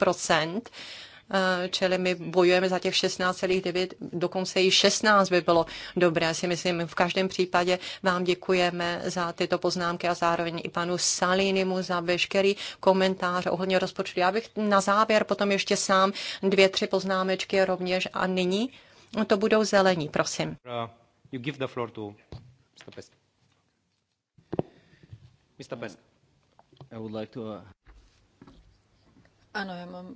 Eh, čili my bojujeme za těch 16,9, dokonce i 16 by bylo dobré, si myslím. V každém případě vám děkujeme za tyto poznámky a zároveň i panu Salinimu za veškerý komentář ohledně rozpočtu. Já bych na závěr potom ještě sám dvě, tři poznámečky rovněž a nyní to budou zelení, prosím. Uh, you give the floor to Mr. Pesk. Mr. Pesk. I would like to... Uh, ano, já mám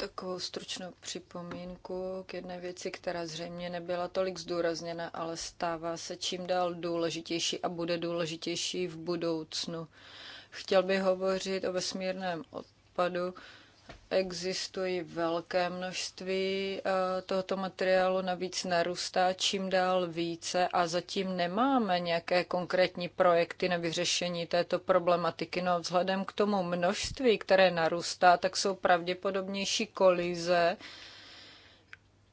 takovou stručnou připomínku k jedné věci, která zřejmě nebyla tolik zdůrazněna, ale stává se čím dál důležitější a bude důležitější v budoucnu. Chtěl bych hovořit o vesmírném odpadu, existují velké množství eh, tohoto materiálu, navíc narůstá čím dál více a zatím nemáme nějaké konkrétní projekty na vyřešení této problematiky. No vzhledem k tomu množství, které narůstá, tak jsou pravděpodobnější kolize,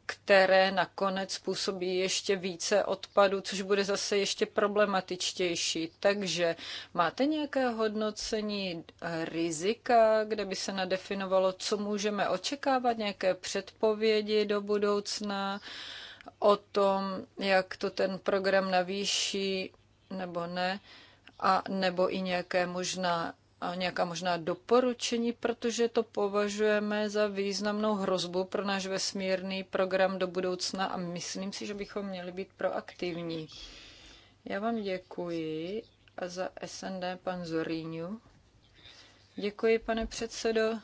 které nakonec způsobí ještě více odpadu, což bude zase ještě problematičtější. Takže máte nějaké hodnocení rizika, kde by se nadefinovalo, co můžeme očekávat, nějaké předpovědi do budoucna o tom, jak to ten program navýší nebo ne, a nebo i nějaké možná nějaká možná doporučení, protože to považujeme za významnou hrozbu pro náš vesmírný program do budoucna a myslím si, že bychom měli být proaktivní. Já vám děkuji a za SND pan Zoríňu. Děkuji, pane předsedo.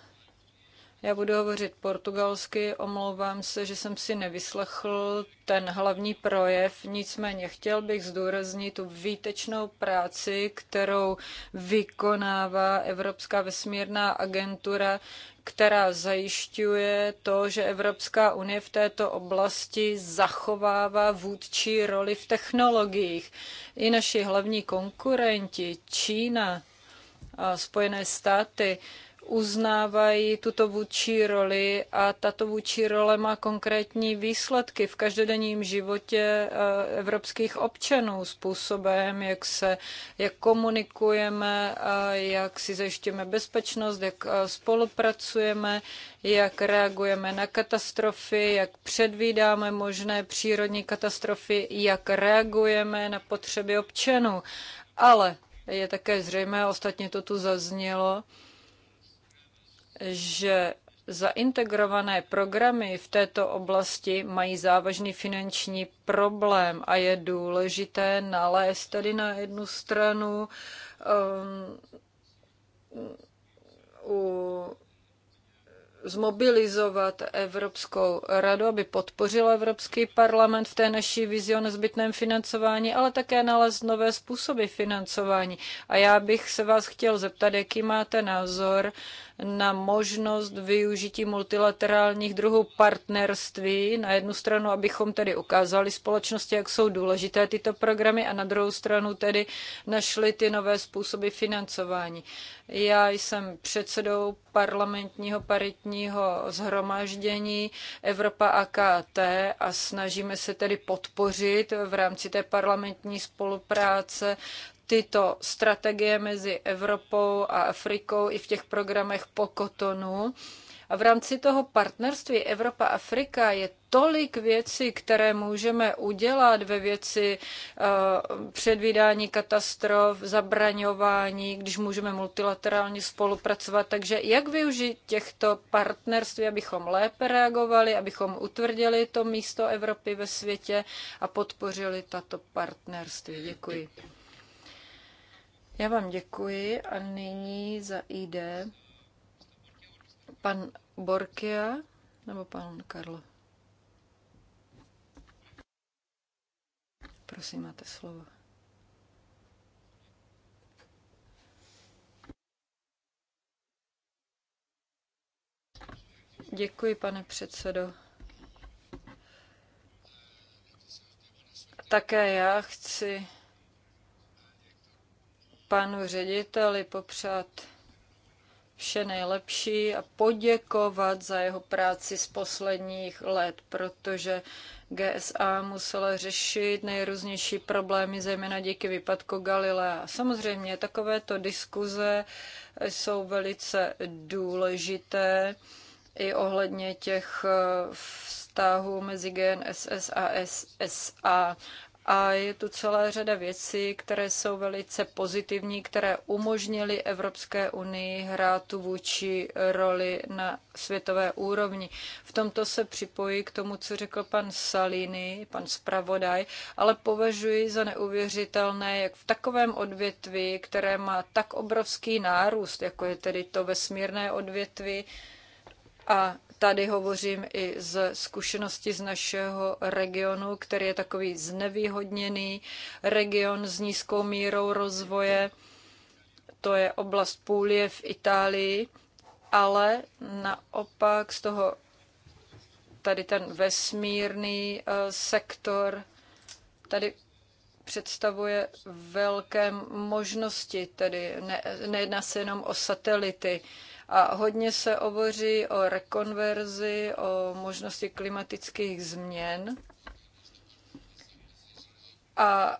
Já budu hovořit portugalsky, omlouvám se, že jsem si nevyslechl ten hlavní projev, nicméně chtěl bych zdůraznit tu výtečnou práci, kterou vykonává Evropská vesmírná agentura, která zajišťuje to, že Evropská unie v této oblasti zachovává vůdčí roli v technologiích. I naši hlavní konkurenti, Čína, a Spojené státy, uznávají tuto vůči roli a tato vůči role má konkrétní výsledky v každodenním životě eh, evropských občanů způsobem, jak se, jak komunikujeme, eh, jak si zajišťujeme bezpečnost, jak eh, spolupracujeme, jak reagujeme na katastrofy, jak předvídáme možné přírodní katastrofy, jak reagujeme na potřeby občanů. Ale je také zřejmé, ostatně to tu zaznělo, že zaintegrované programy v této oblasti mají závažný finanční problém a je důležité nalézt tedy na jednu stranu um, u zmobilizovat Evropskou radu, aby podpořila Evropský parlament v té naší vizi o nezbytném financování, ale také nalézt nové způsoby financování. A já bych se vás chtěl zeptat, jaký máte názor na možnost využití multilaterálních druhů partnerství. Na jednu stranu, abychom tedy ukázali společnosti, jak jsou důležité tyto programy a na druhou stranu tedy našli ty nové způsoby financování. Já jsem předsedou parlamentního paritního zhromaždění Evropa AKT a snažíme se tedy podpořit v rámci té parlamentní spolupráce tyto strategie mezi Evropou a Afrikou i v těch programech po Kotonu. A v rámci toho partnerství Evropa-Afrika je tolik věcí, které můžeme udělat ve věci eh, předvídání katastrof, zabraňování, když můžeme multilaterálně spolupracovat. Takže jak využít těchto partnerství, abychom lépe reagovali, abychom utvrdili to místo Evropy ve světě a podpořili tato partnerství. Děkuji. Já vám děkuji a nyní za ID pan Borkia nebo pan Karlo. Prosím, máte slovo. Děkuji, pane předsedo. Také já chci panu řediteli popřát vše nejlepší a poděkovat za jeho práci z posledních let, protože GSA musela řešit nejrůznější problémy, zejména díky výpadku Galilea. Samozřejmě takovéto diskuze jsou velice důležité i ohledně těch eh, vztahů mezi GNSS a SSA a je tu celá řada věcí, které jsou velice pozitivní, které umožnily Evropské unii hrát tu vůči roli na světové úrovni. V tomto se připojí k tomu, co řekl pan Salini, pan zpravodaj, ale považuji za neuvěřitelné, jak v takovém odvětví, které má tak obrovský nárůst, jako je tedy to vesmírné odvětví, a Tady hovořím i z zkušenosti z našeho regionu, který je takový znevýhodněný region s nízkou mírou rozvoje. To je oblast Půlie v Itálii, ale naopak z toho tady ten vesmírný eh, sektor tady představuje velké možnosti, tedy ne, nejedná se jenom o satelity. Uh, a hodně se hovoří o rekonverzi, o možnosti klimatických změn. A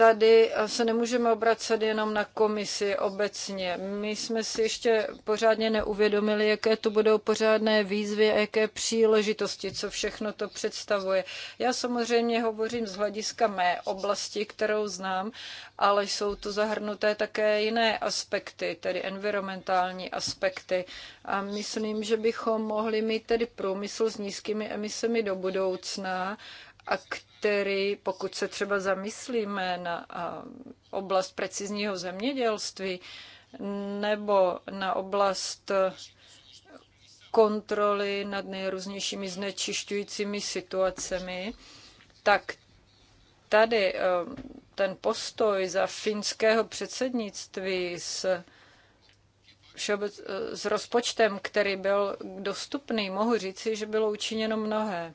tady eh, se nemůžeme obracet jenom na komisi obecně. My jsme si ještě pořádně neuvědomili, jaké to budou pořádné výzvy a jaké příležitosti, co všechno to představuje. Já samozřejmě hovořím z hlediska mé oblasti, kterou znám, ale jsou tu zahrnuté také jiné aspekty, tedy environmentální aspekty. A myslím, že bychom mohli mít tedy průmysl s nízkými emisemi do budoucna a který, pokud se třeba zamyslíme na oblast precizního zemědělství nebo na oblast kontroly nad nejrůznějšími znečišťujícími situacemi, tak tady e, ten postoj za finského předsednictví s, e, s rozpočtem, který byl dostupný, mohu říci, že bylo učiněno mnohé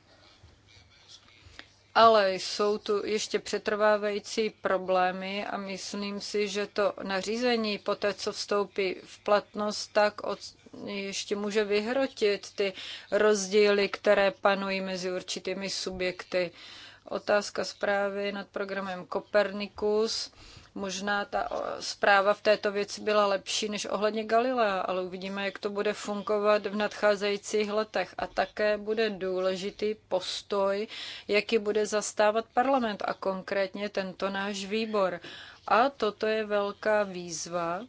ale jsou tu ještě přetrvávající problémy a myslím si, že to nařízení po té, co vstoupí v platnost, tak od, ještě může vyhrotit ty rozdíly, které panují mezi určitými subjekty. Otázka zprávy nad programem Kopernikus. Možná ta zpráva v této věci byla lepší než ohledně Galilea, ale uvidíme, jak to bude fungovat v nadcházejících letech. A také bude důležitý postoj, jaký bude zastávat parlament a konkrétně tento náš výbor. A toto je velká výzva,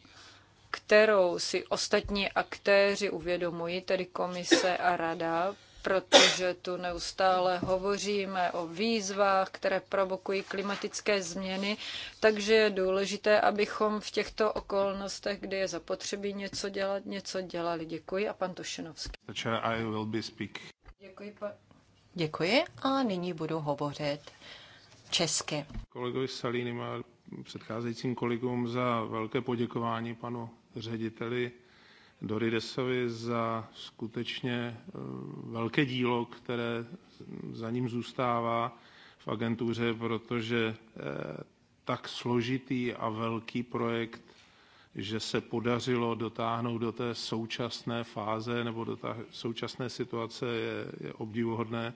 kterou si ostatní aktéři uvědomují, tedy komise a rada, protože tu neustále hovoříme o výzvách, které provokují klimatické změny, takže je důležité, abychom v těchto okolnostech, kdy je zapotřebí něco dělat, něco dělali. Děkuji a pan Tošenovský. Děkuji, pa... Děkuji a nyní budu hovořit česky. Kolegovi Salínem a předcházejícím kolegům za velké poděkování panu řediteli Doridesovi za skutečně eh, velké dílo, které za ním zůstává v agentuře, protože eh, tak složitý a velký projekt, že se podařilo dotáhnout do té současné fáze nebo do té současné situace, je, je obdivuhodné.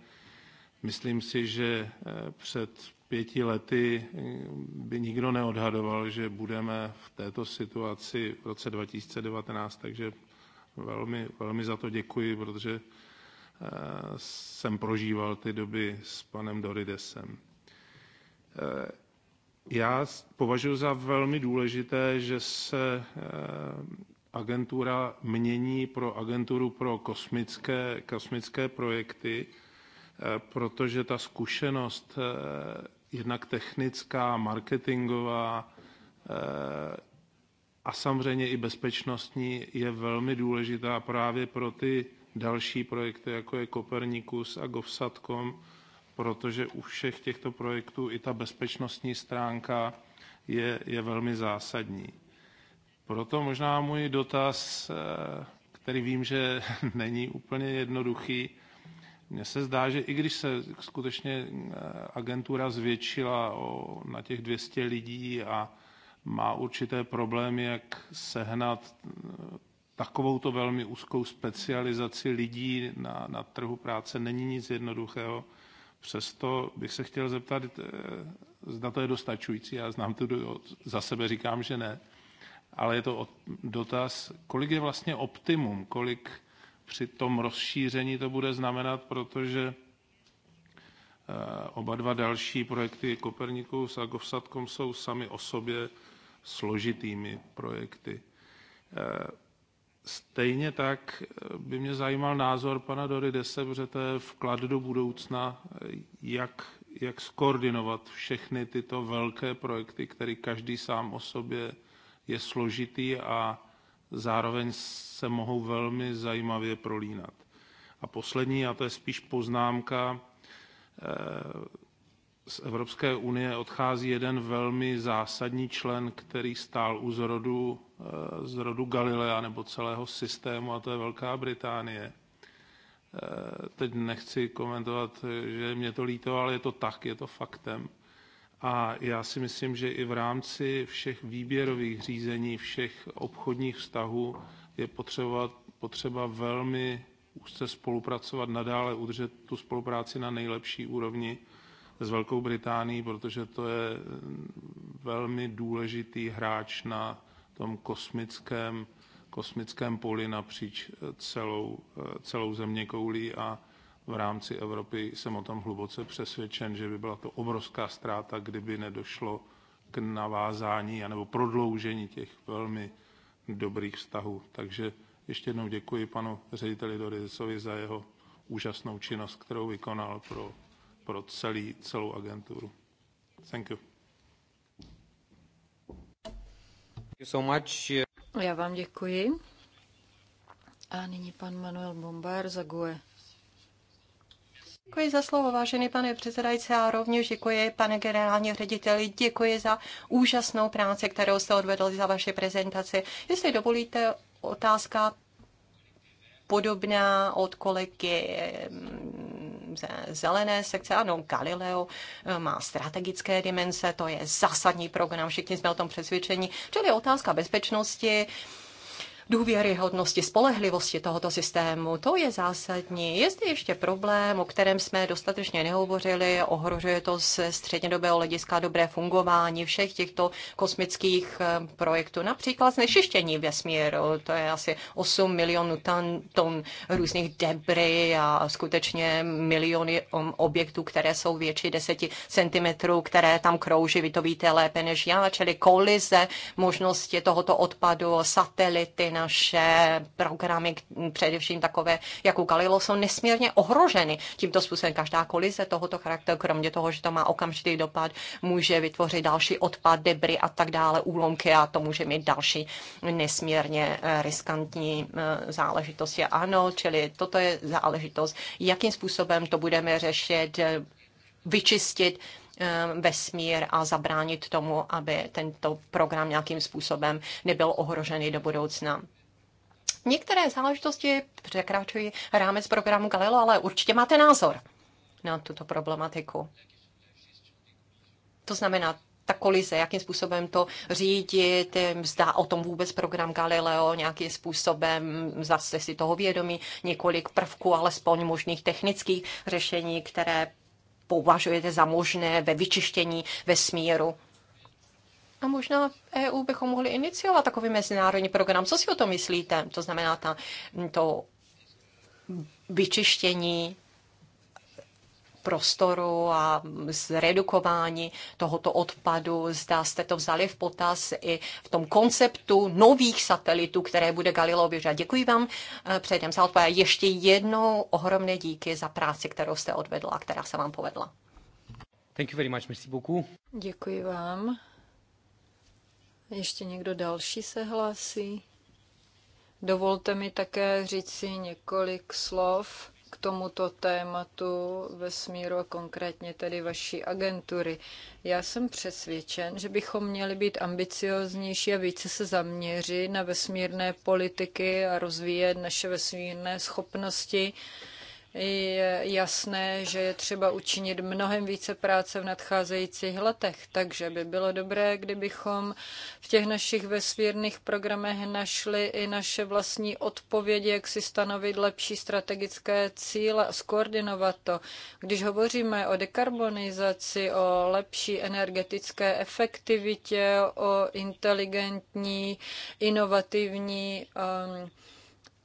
Myslím si, že eh, před pěti lety eh, by nikdo neodhadoval, že budeme v této situaci v roce 2019, takže velmi, velmi za to děkuji, protože eh, jsem prožíval ty doby s panem Doridesem. Eh, já považuji za velmi důležité, že se agentura mění pro agenturu pro kosmické, kosmické projekty, protože ta zkušenost jednak technická, marketingová eh, a samozřejmě i bezpečnostní je velmi důležitá právě pro ty další projekty, jako je Kopernikus a Govsatcom, protože u všech těchto projektů i ta bezpečnostní stránka je, je velmi zásadní. Proto možná můj dotaz, eh, který vím, že <laughs> není úplně jednoduchý, mně se zdá, že i když se skutečně eh, agentura zvětšila o, na těch 200 lidí a má určité problémy, jak sehnat eh, to velmi úzkou specializaci lidí na, na trhu práce, není nic jednoduchého. Přesto bych se chtěl zeptat, eh, zda to je dostačující. Já znám to, za sebe říkám, že ne. Ale je to dotaz, kolik je vlastně optimum, kolik při tom rozšíření to bude znamenat, protože eh, oba dva další projekty Kopernikus a Govsatcom jsou sami o sobě složitými projekty. Eh, stejně tak eh, by mě zajímal názor pana Dese, protože to je vklad do budoucna, jak, jak skoordinovat všechny tyto velké projekty, které každý sám o sobě je složitý a zároveň se mohou velmi zajímavě prolínat. A poslední, a to je spíš poznámka, eh, z Evropské unie odchází jeden velmi zásadní člen, který stál u zrodu, eh, zrodu Galilea nebo celého systému, a to je Velká Británie. Eh, teď nechci komentovat, že mě to líto, ale je to tak, je to faktem. A já si myslím, že i v rámci všech výběrových řízení, všech obchodních vztahů je potřeba, potřeba velmi úzce spolupracovat, nadále udržet tu spolupráci na nejlepší úrovni s Velkou Británií, protože to je velmi důležitý hráč na tom kosmickém, kosmickém poli napříč celou, celou koulí a v rámci Evropy jsem o tom hluboce přesvědčen, že by byla to obrovská ztráta, kdyby nedošlo k navázání anebo prodloužení těch velmi dobrých vztahů. Takže ještě jednou děkuji panu řediteli Dorisovi za jeho úžasnou činnost, kterou vykonal pro, pro celý, celou agenturu. Thank you. Thank you so much. Já vám děkuji. A nyní pan Manuel Bombár za GUE. Děkuji za slovo, vážený pane předsedající, a rovněž děkuji, pane generální řediteli, děkuji za úžasnou práci, kterou jste odvedl za vaši prezentaci. Jestli dovolíte, otázka podobná od kolegy mm, ze zelené sekce. Ano, Galileo eh, má strategické dimenze, to je zásadní program, všichni jsme o tom přesvědčení, Čili otázka bezpečnosti, důvěryhodnosti, spolehlivosti tohoto systému. To je zásadní. Je zde ještě problém, o kterém jsme dostatečně nehovořili, ohrožuje to z střednědobého hlediska dobré fungování všech těchto kosmických eh, projektů, například znečištění vesmíru, to je asi 8 milionů ton, ton různých debry a skutečně miliony mm, objektů, které jsou větší 10 centimetrů, které tam krouží, vy to víte lépe než já, čili kolize, možnosti tohoto odpadu, satelity, naše programy, především takové jako Galilo, jsou nesmírně ohroženy tímto způsobem. Každá kolize tohoto charakteru, kromě toho, že to má okamžitý dopad, může vytvořit další odpad, debry a tak dále, úlomky a to může mít další nesmírně eh, riskantní eh, záležitosti. Ano, čili toto je záležitost, jakým způsobem to budeme řešit, eh, vyčistit Um, vesmír a zabránit tomu, aby tento program nějakým způsobem nebyl ohrožený do budoucna. Některé záležitosti překračují rámec programu Galileo, ale určitě máte názor na tuto problematiku. To znamená, ta kolize, jakým způsobem to řídit, zdá o tom vůbec program Galileo nějakým způsobem, zase si toho vědomí, několik prvků, alespoň možných technických řešení, které považujete za možné ve vyčištění vesmíru? A no možná EU bychom mohli iniciovat takový mezinárodní program. Co si o to myslíte? To znamená ta, to vyčištění prostoru a zredukování tohoto odpadu. Zda jste to vzali v potaz i v tom konceptu nových satelitů, které bude Galileo využívat. Děkuji vám eh, předem za odpověď. Ještě jednou ohromné díky za práci, kterou jste odvedla a která se vám povedla. Thank you very much, merci beaucoup. Děkuji vám. Ještě někdo další se hlásí? Dovolte mi také říct si několik slov k tomuto tématu vesmíru a konkrétně tedy vaší agentury. Já jsem přesvědčen, že bychom měli být ambicioznější a více se zaměřit na vesmírné politiky a rozvíjet naše vesmírné schopnosti je jasné, že je třeba učinit mnohem více práce v nadcházejících letech, takže by bylo dobré, kdybychom v těch našich vesmírných programech našli i naše vlastní odpovědi, jak si stanovit lepší strategické cíle a skoordinovat to. Když hovoříme o dekarbonizaci, o lepší energetické efektivitě, o inteligentní, inovativní um,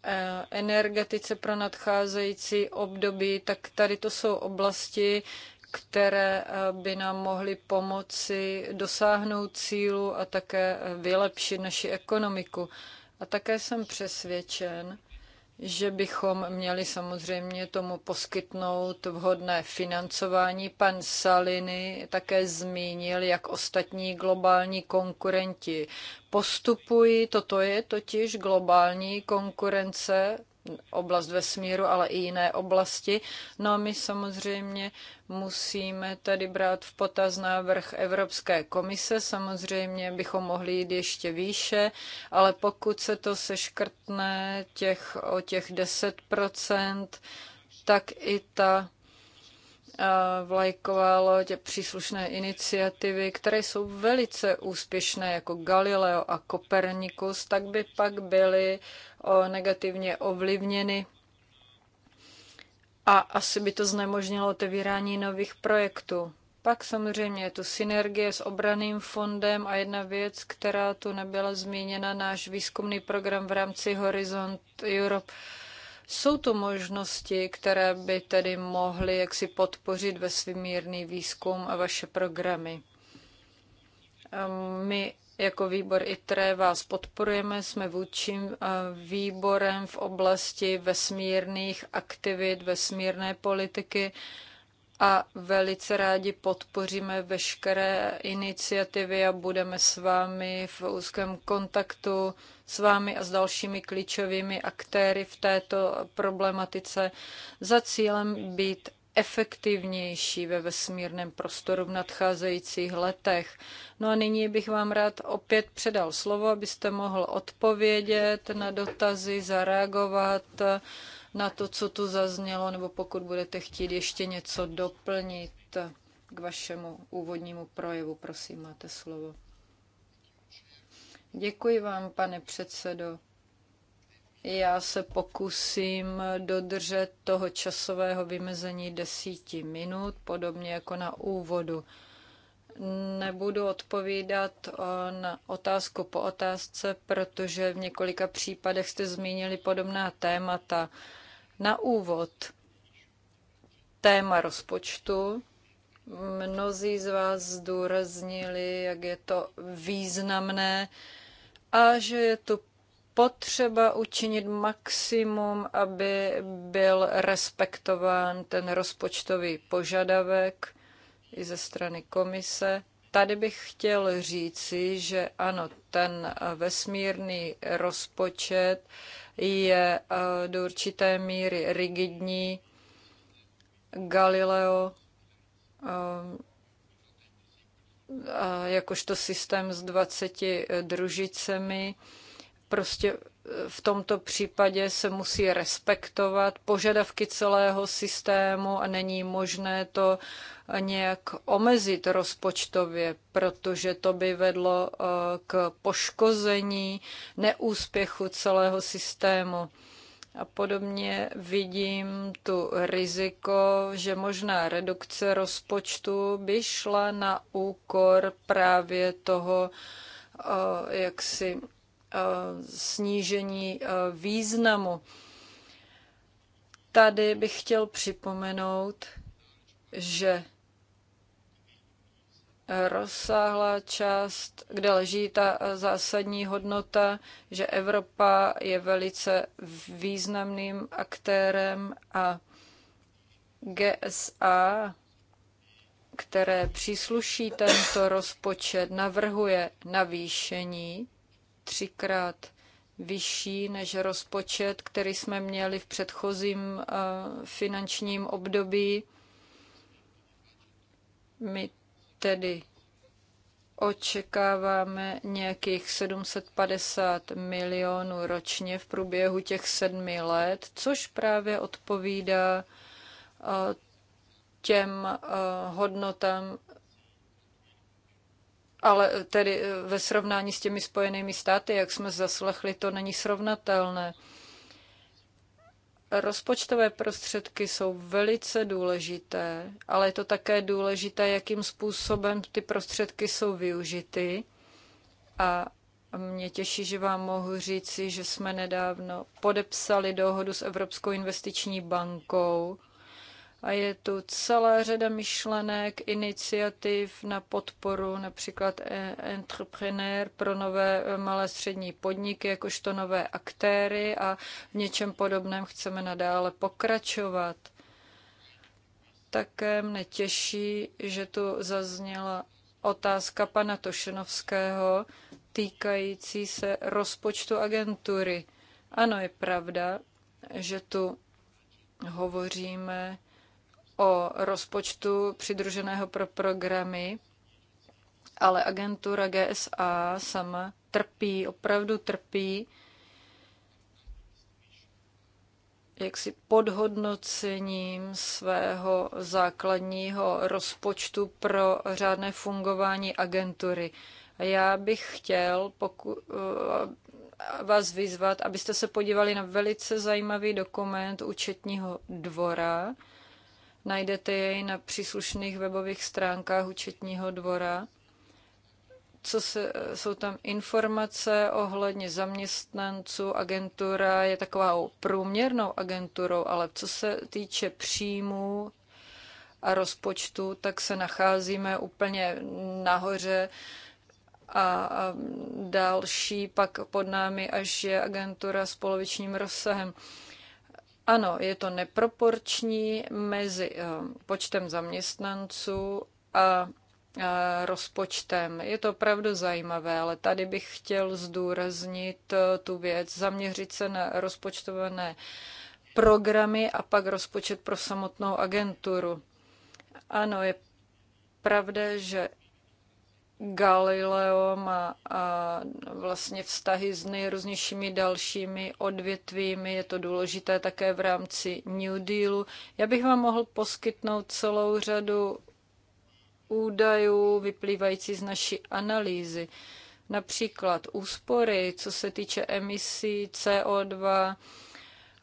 Eh, energetice pro nadcházející období, tak tady to jsou oblasti, které eh, by nám mohly pomoci dosáhnout cílu a také eh, vylepšit naši ekonomiku. A také jsem přesvědčen, že bychom měli samozřejmě tomu poskytnout vhodné financování. Pan Salini také zmínil, jak ostatní globální konkurenti postupují. Toto je totiž globální konkurence oblast vesmíru, ale i jiné oblasti. No a my samozřejmě musíme tady brát v potaz návrh Evropské komise. Samozřejmě bychom mohli jít ještě výše, ale pokud se to seškrtne těch, o těch 10%, tak i ta vlajkoval tě příslušné iniciativy, které jsou velice úspěšné, jako Galileo a Kopernikus, tak by pak byly negativně ovlivněny a asi by to znemožnilo otevírání nových projektů. Pak samozřejmě je tu synergie s obraným fondem a jedna věc, která tu nebyla zmíněna, náš výzkumný program v rámci Horizont Europe jsou to možnosti, které by tedy mohly jaksi podpořit svýmírný výzkum a vaše programy. Ehm, my jako výbor ITRE vás podporujeme, jsme vůdčím eh, výborem v oblasti vesmírných aktivit, vesmírné politiky a velice rádi podpoříme veškeré iniciativy a budeme s vámi v úzkém kontaktu s vámi a s dalšími klíčovými aktéry v této problematice za cílem být efektivnější ve vesmírném prostoru v nadcházejících letech. No a nyní bych vám rád opět předal slovo, abyste mohl odpovědět na dotazy, zareagovat na to, co tu zaznělo, nebo pokud budete chtít ještě něco doplnit k vašemu úvodnímu projevu, prosím, máte slovo. Děkuji vám, pane předsedo. Já se pokusím dodržet toho časového vymezení desíti minut, podobně jako na úvodu. Nebudu odpovídat na otázku po otázce, protože v několika případech jste zmínili podobná témata. Na úvod téma rozpočtu. Mnozí z vás zdůraznili, jak je to významné a že je tu potřeba učinit maximum, aby byl respektován ten rozpočtový požadavek i ze strany komise. Tady bych chtěl říci, že ano, ten vesmírný rozpočet je eh, do určité míry rigidní. Galileo eh, eh, jakožto systém s 20 družicemi prostě v tomto případě se musí respektovat požadavky celého systému a není možné to nějak omezit rozpočtově, protože to by vedlo eh, k poškození, neúspěchu celého systému. A podobně vidím tu riziko, že možná redukce rozpočtu by šla na úkor právě toho, eh, jak si snížení eh, významu. Tady bych chtěl připomenout, že rozsáhlá část, kde leží ta eh, zásadní hodnota, že Evropa je velice významným aktérem a GSA, které přísluší tento rozpočet, navrhuje navýšení třikrát vyšší než rozpočet, který jsme měli v předchozím eh, finančním období. My tedy očekáváme nějakých 750 milionů ročně v průběhu těch sedmi let, což právě odpovídá eh, těm eh, hodnotám ale eh, tedy eh, ve srovnání s těmi spojenými státy, jak jsme zaslechli, to není srovnatelné. Rozpočtové prostředky jsou velice důležité, ale je to také důležité, jakým způsobem ty prostředky jsou využity. A mě těší, že vám mohu říci, že jsme nedávno podepsali dohodu s Evropskou investiční bankou a je tu celá řada myšlenek, iniciativ na podporu například eh, entrepreneur pro nové eh, malé střední podniky, jakožto nové aktéry a v něčem podobném chceme nadále pokračovat. Také mne těší, že tu zazněla otázka pana Tošenovského týkající se rozpočtu agentury. Ano, je pravda, že tu hovoříme o rozpočtu přidruženého pro programy, ale agentura GSA sama trpí, opravdu trpí jaksi podhodnocením svého základního rozpočtu pro řádné fungování agentury. A já bych chtěl poku- eh, vás vyzvat, abyste se podívali na velice zajímavý dokument účetního dvora, Najdete jej na příslušných webových stránkách účetního dvora. Co se, jsou tam informace ohledně zaměstnanců. Agentura je takovou průměrnou agenturou, ale co se týče příjmů a rozpočtu, tak se nacházíme úplně nahoře a další pak pod námi až je agentura s polovičním rozsahem. Ano, je to neproporční mezi eh, počtem zaměstnanců a eh, rozpočtem. Je to opravdu zajímavé, ale tady bych chtěl zdůraznit eh, tu věc, zaměřit se na rozpočtované programy a pak rozpočet pro samotnou agenturu. Ano, je pravda, že Galileo má a vlastně vztahy s nejrůznějšími dalšími odvětvími. Je to důležité také v rámci New Dealu. Já bych vám mohl poskytnout celou řadu údajů vyplývající z naší analýzy. Například úspory, co se týče emisí CO2,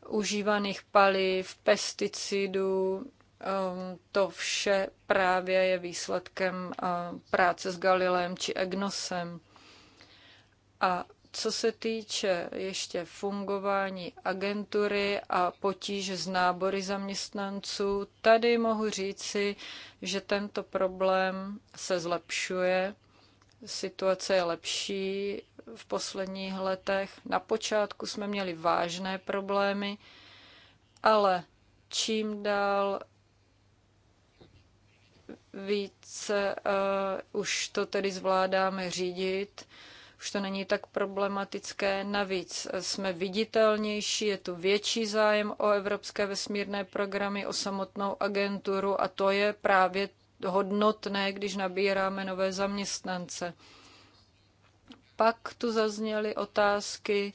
užívaných paliv, pesticidů, Ehm, to vše právě je výsledkem eh, práce s Galilem či Egnosem. A co se týče ještě fungování agentury a potíže z nábory zaměstnanců, tady mohu říci, že tento problém se zlepšuje. Situace je lepší v posledních letech. Na počátku jsme měli vážné problémy, ale čím dál více uh, už to tedy zvládáme řídit, už to není tak problematické. Navíc eh, jsme viditelnější, je tu větší zájem o evropské vesmírné programy, o samotnou agenturu a to je právě hodnotné, když nabíráme nové zaměstnance. Pak tu zazněly otázky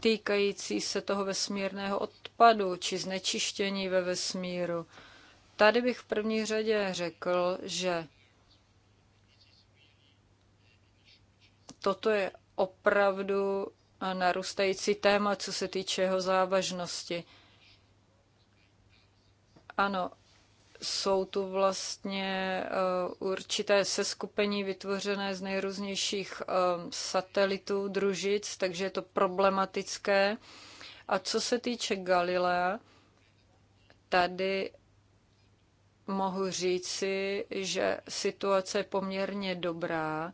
týkající se toho vesmírného odpadu či znečištění ve vesmíru. Tady bych v první řadě řekl, že toto je opravdu narůstající téma, co se týče jeho závažnosti. Ano, jsou tu vlastně eh, určité seskupení vytvořené z nejrůznějších eh, satelitů, družic, takže je to problematické. A co se týče Galilea, tady mohu říci, že situace je poměrně dobrá,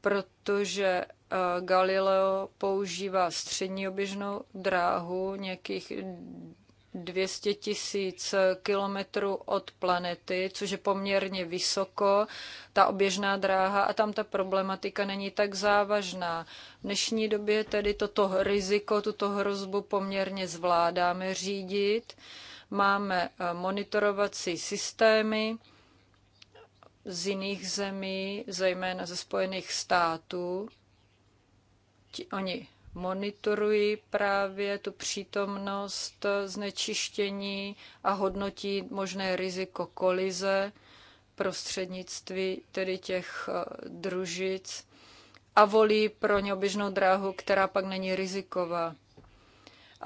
protože eh, Galileo používá střední oběžnou dráhu nějakých 200 tisíc kilometrů od planety, což je poměrně vysoko, ta oběžná dráha a tam ta problematika není tak závažná. V dnešní době tedy toto riziko, tuto hrozbu poměrně zvládáme řídit. Uh, Máme eh, monitorovací systémy z jiných zemí, zejména ze Spojených států. Ti, oni monitorují právě tu přítomnost eh, znečištění a hodnotí možné riziko kolize prostřednictví tedy těch eh, družic a volí pro ně oběžnou dráhu, která pak není riziková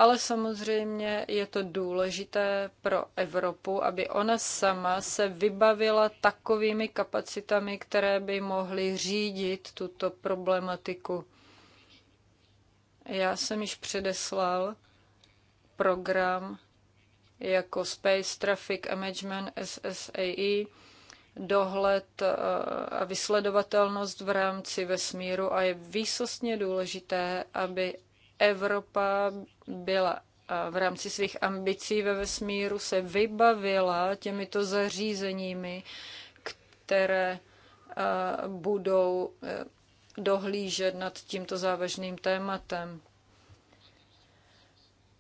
ale samozřejmě je to důležité pro Evropu, aby ona sama se vybavila takovými kapacitami, které by mohly řídit tuto problematiku. Já jsem již předeslal program jako Space Traffic Management SSAE, dohled eh, a vysledovatelnost v rámci vesmíru a je výsostně důležité, aby Evropa byla v rámci svých ambicí ve vesmíru se vybavila těmito zařízeními, které budou e, dohlížet nad tímto závažným tématem.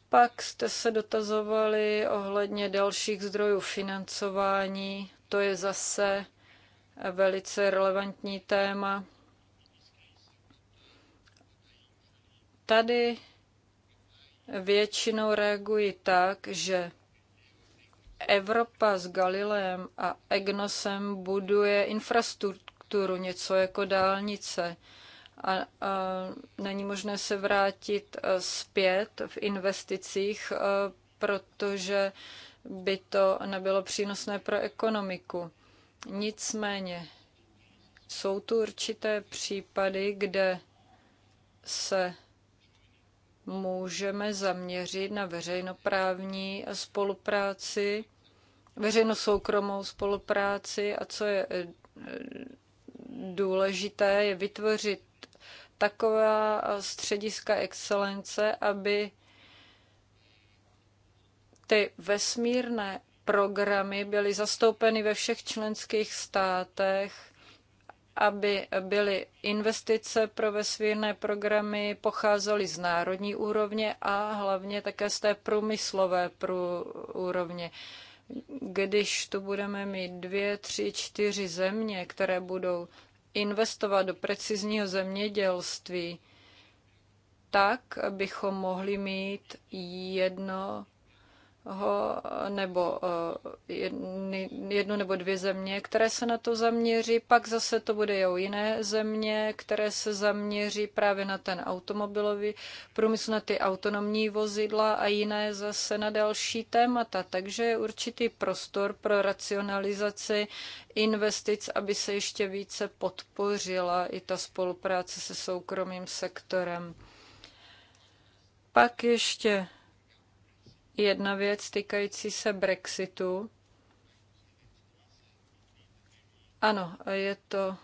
Pak jste se dotazovali ohledně dalších zdrojů financování. To je zase velice relevantní téma. Tady většinou reaguji tak, že Evropa s Galilem a Egnosem buduje infrastrukturu, něco jako dálnice. A, a není možné se vrátit e, zpět v investicích, e, protože by to nebylo přínosné pro ekonomiku. Nicméně jsou tu určité případy, kde se můžeme zaměřit na veřejnoprávní spolupráci, veřejno-soukromou spolupráci a co je eh, důležité, je vytvořit taková střediska excelence, aby ty vesmírné programy byly zastoupeny ve všech členských státech aby byly investice pro vesmírné programy pocházely z národní úrovně a hlavně také z té průmyslové prů, úrovně. Když tu budeme mít dvě, tři, čtyři země, které budou investovat do precizního zemědělství, tak bychom mohli mít jedno jednoho nebo eh, jednu nebo dvě země, které se na to zaměří, pak zase to bude jo jiné země, které se zaměří právě na ten automobilový průmysl, na ty autonomní vozidla a jiné zase na další témata. Takže je určitý prostor pro racionalizaci investic, aby se ještě více podpořila i ta spolupráce se soukromým sektorem. Pak ještě Jedna věc týkající se Brexitu. Ano, je to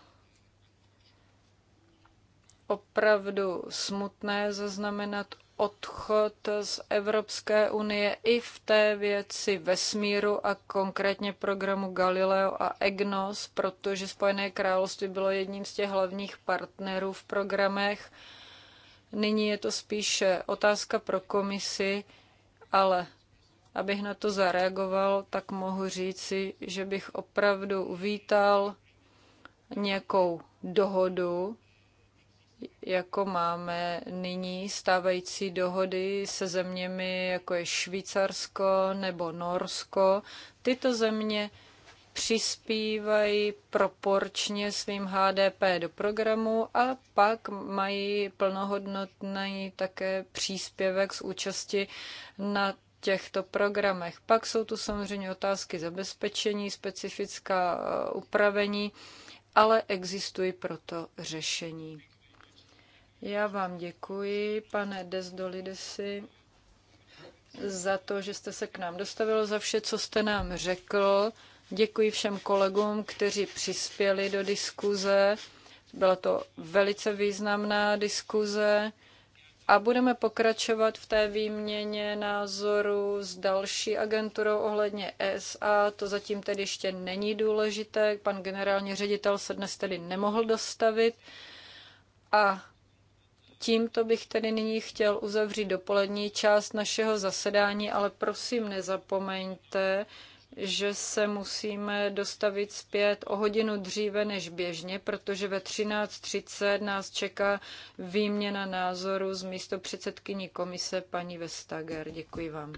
opravdu smutné zaznamenat odchod z Evropské unie i v té věci vesmíru a konkrétně programu Galileo a EGNOS, protože Spojené království bylo jedním z těch hlavních partnerů v programech. Nyní je to spíše otázka pro komisi, ale abych na to zareagoval, tak mohu říci, že bych opravdu uvítal nějakou dohodu, jako máme nyní stávající dohody se zeměmi, jako je Švýcarsko nebo Norsko. Tyto země přispívají proporčně svým HDP do programu a pak mají plnohodnotný také příspěvek z účasti na těchto programech. Pak jsou tu samozřejmě otázky zabezpečení, specifická uh, upravení, ale existují proto řešení. Já vám děkuji, pane Desdolidesi, za to, že jste se k nám dostavil, za vše, co jste nám řekl. Děkuji všem kolegům, kteří přispěli do diskuze. Byla to velice významná diskuze a budeme pokračovat v té výměně názoru s další agenturou ohledně ESA. To zatím tedy ještě není důležité. Pan generální ředitel se dnes tedy nemohl dostavit. A tímto bych tedy nyní chtěl uzavřít dopolední část našeho zasedání, ale prosím nezapomeňte, že se musíme dostavit zpět o hodinu dříve než běžně, protože ve 13.30 nás čeká výměna názoru místo předsedkyní komise paní Vestager. Děkuji vám.